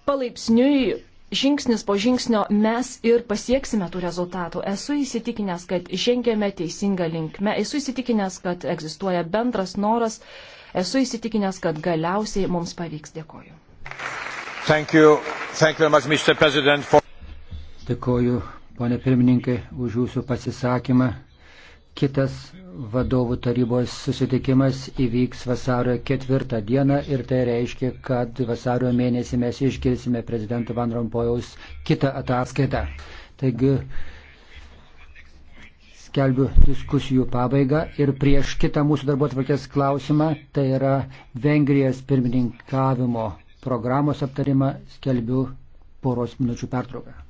palaipsniui žingsnis po žingsnio mes ir pasieksime tų rezultatų. Esu įsitikinęs, kad žengėme teisingą linkmę, esu įsitikinęs, kad egzistuoja bendras noras, esu įsitikinęs, kad galiausiai mums pavyks. Dėkoju. Thank you. Thank you much, for... Dėkoju, ponė pirmininkė, už jūsų pasisakymą. Kitas vadovų tarybos susitikimas įvyks vasario ketvirtą dieną ir tai reiškia, kad vasario mėnesį mes iškirsime prezidento Van Rompojaus kitą ataskaitą. Taigi skelbiu diskusijų pabaigą ir prieš kitą mūsų darbo atvarkės klausimą, tai yra Vengrijos pirmininkavimo programos aptarimą, skelbiu poros minučių pertrauką.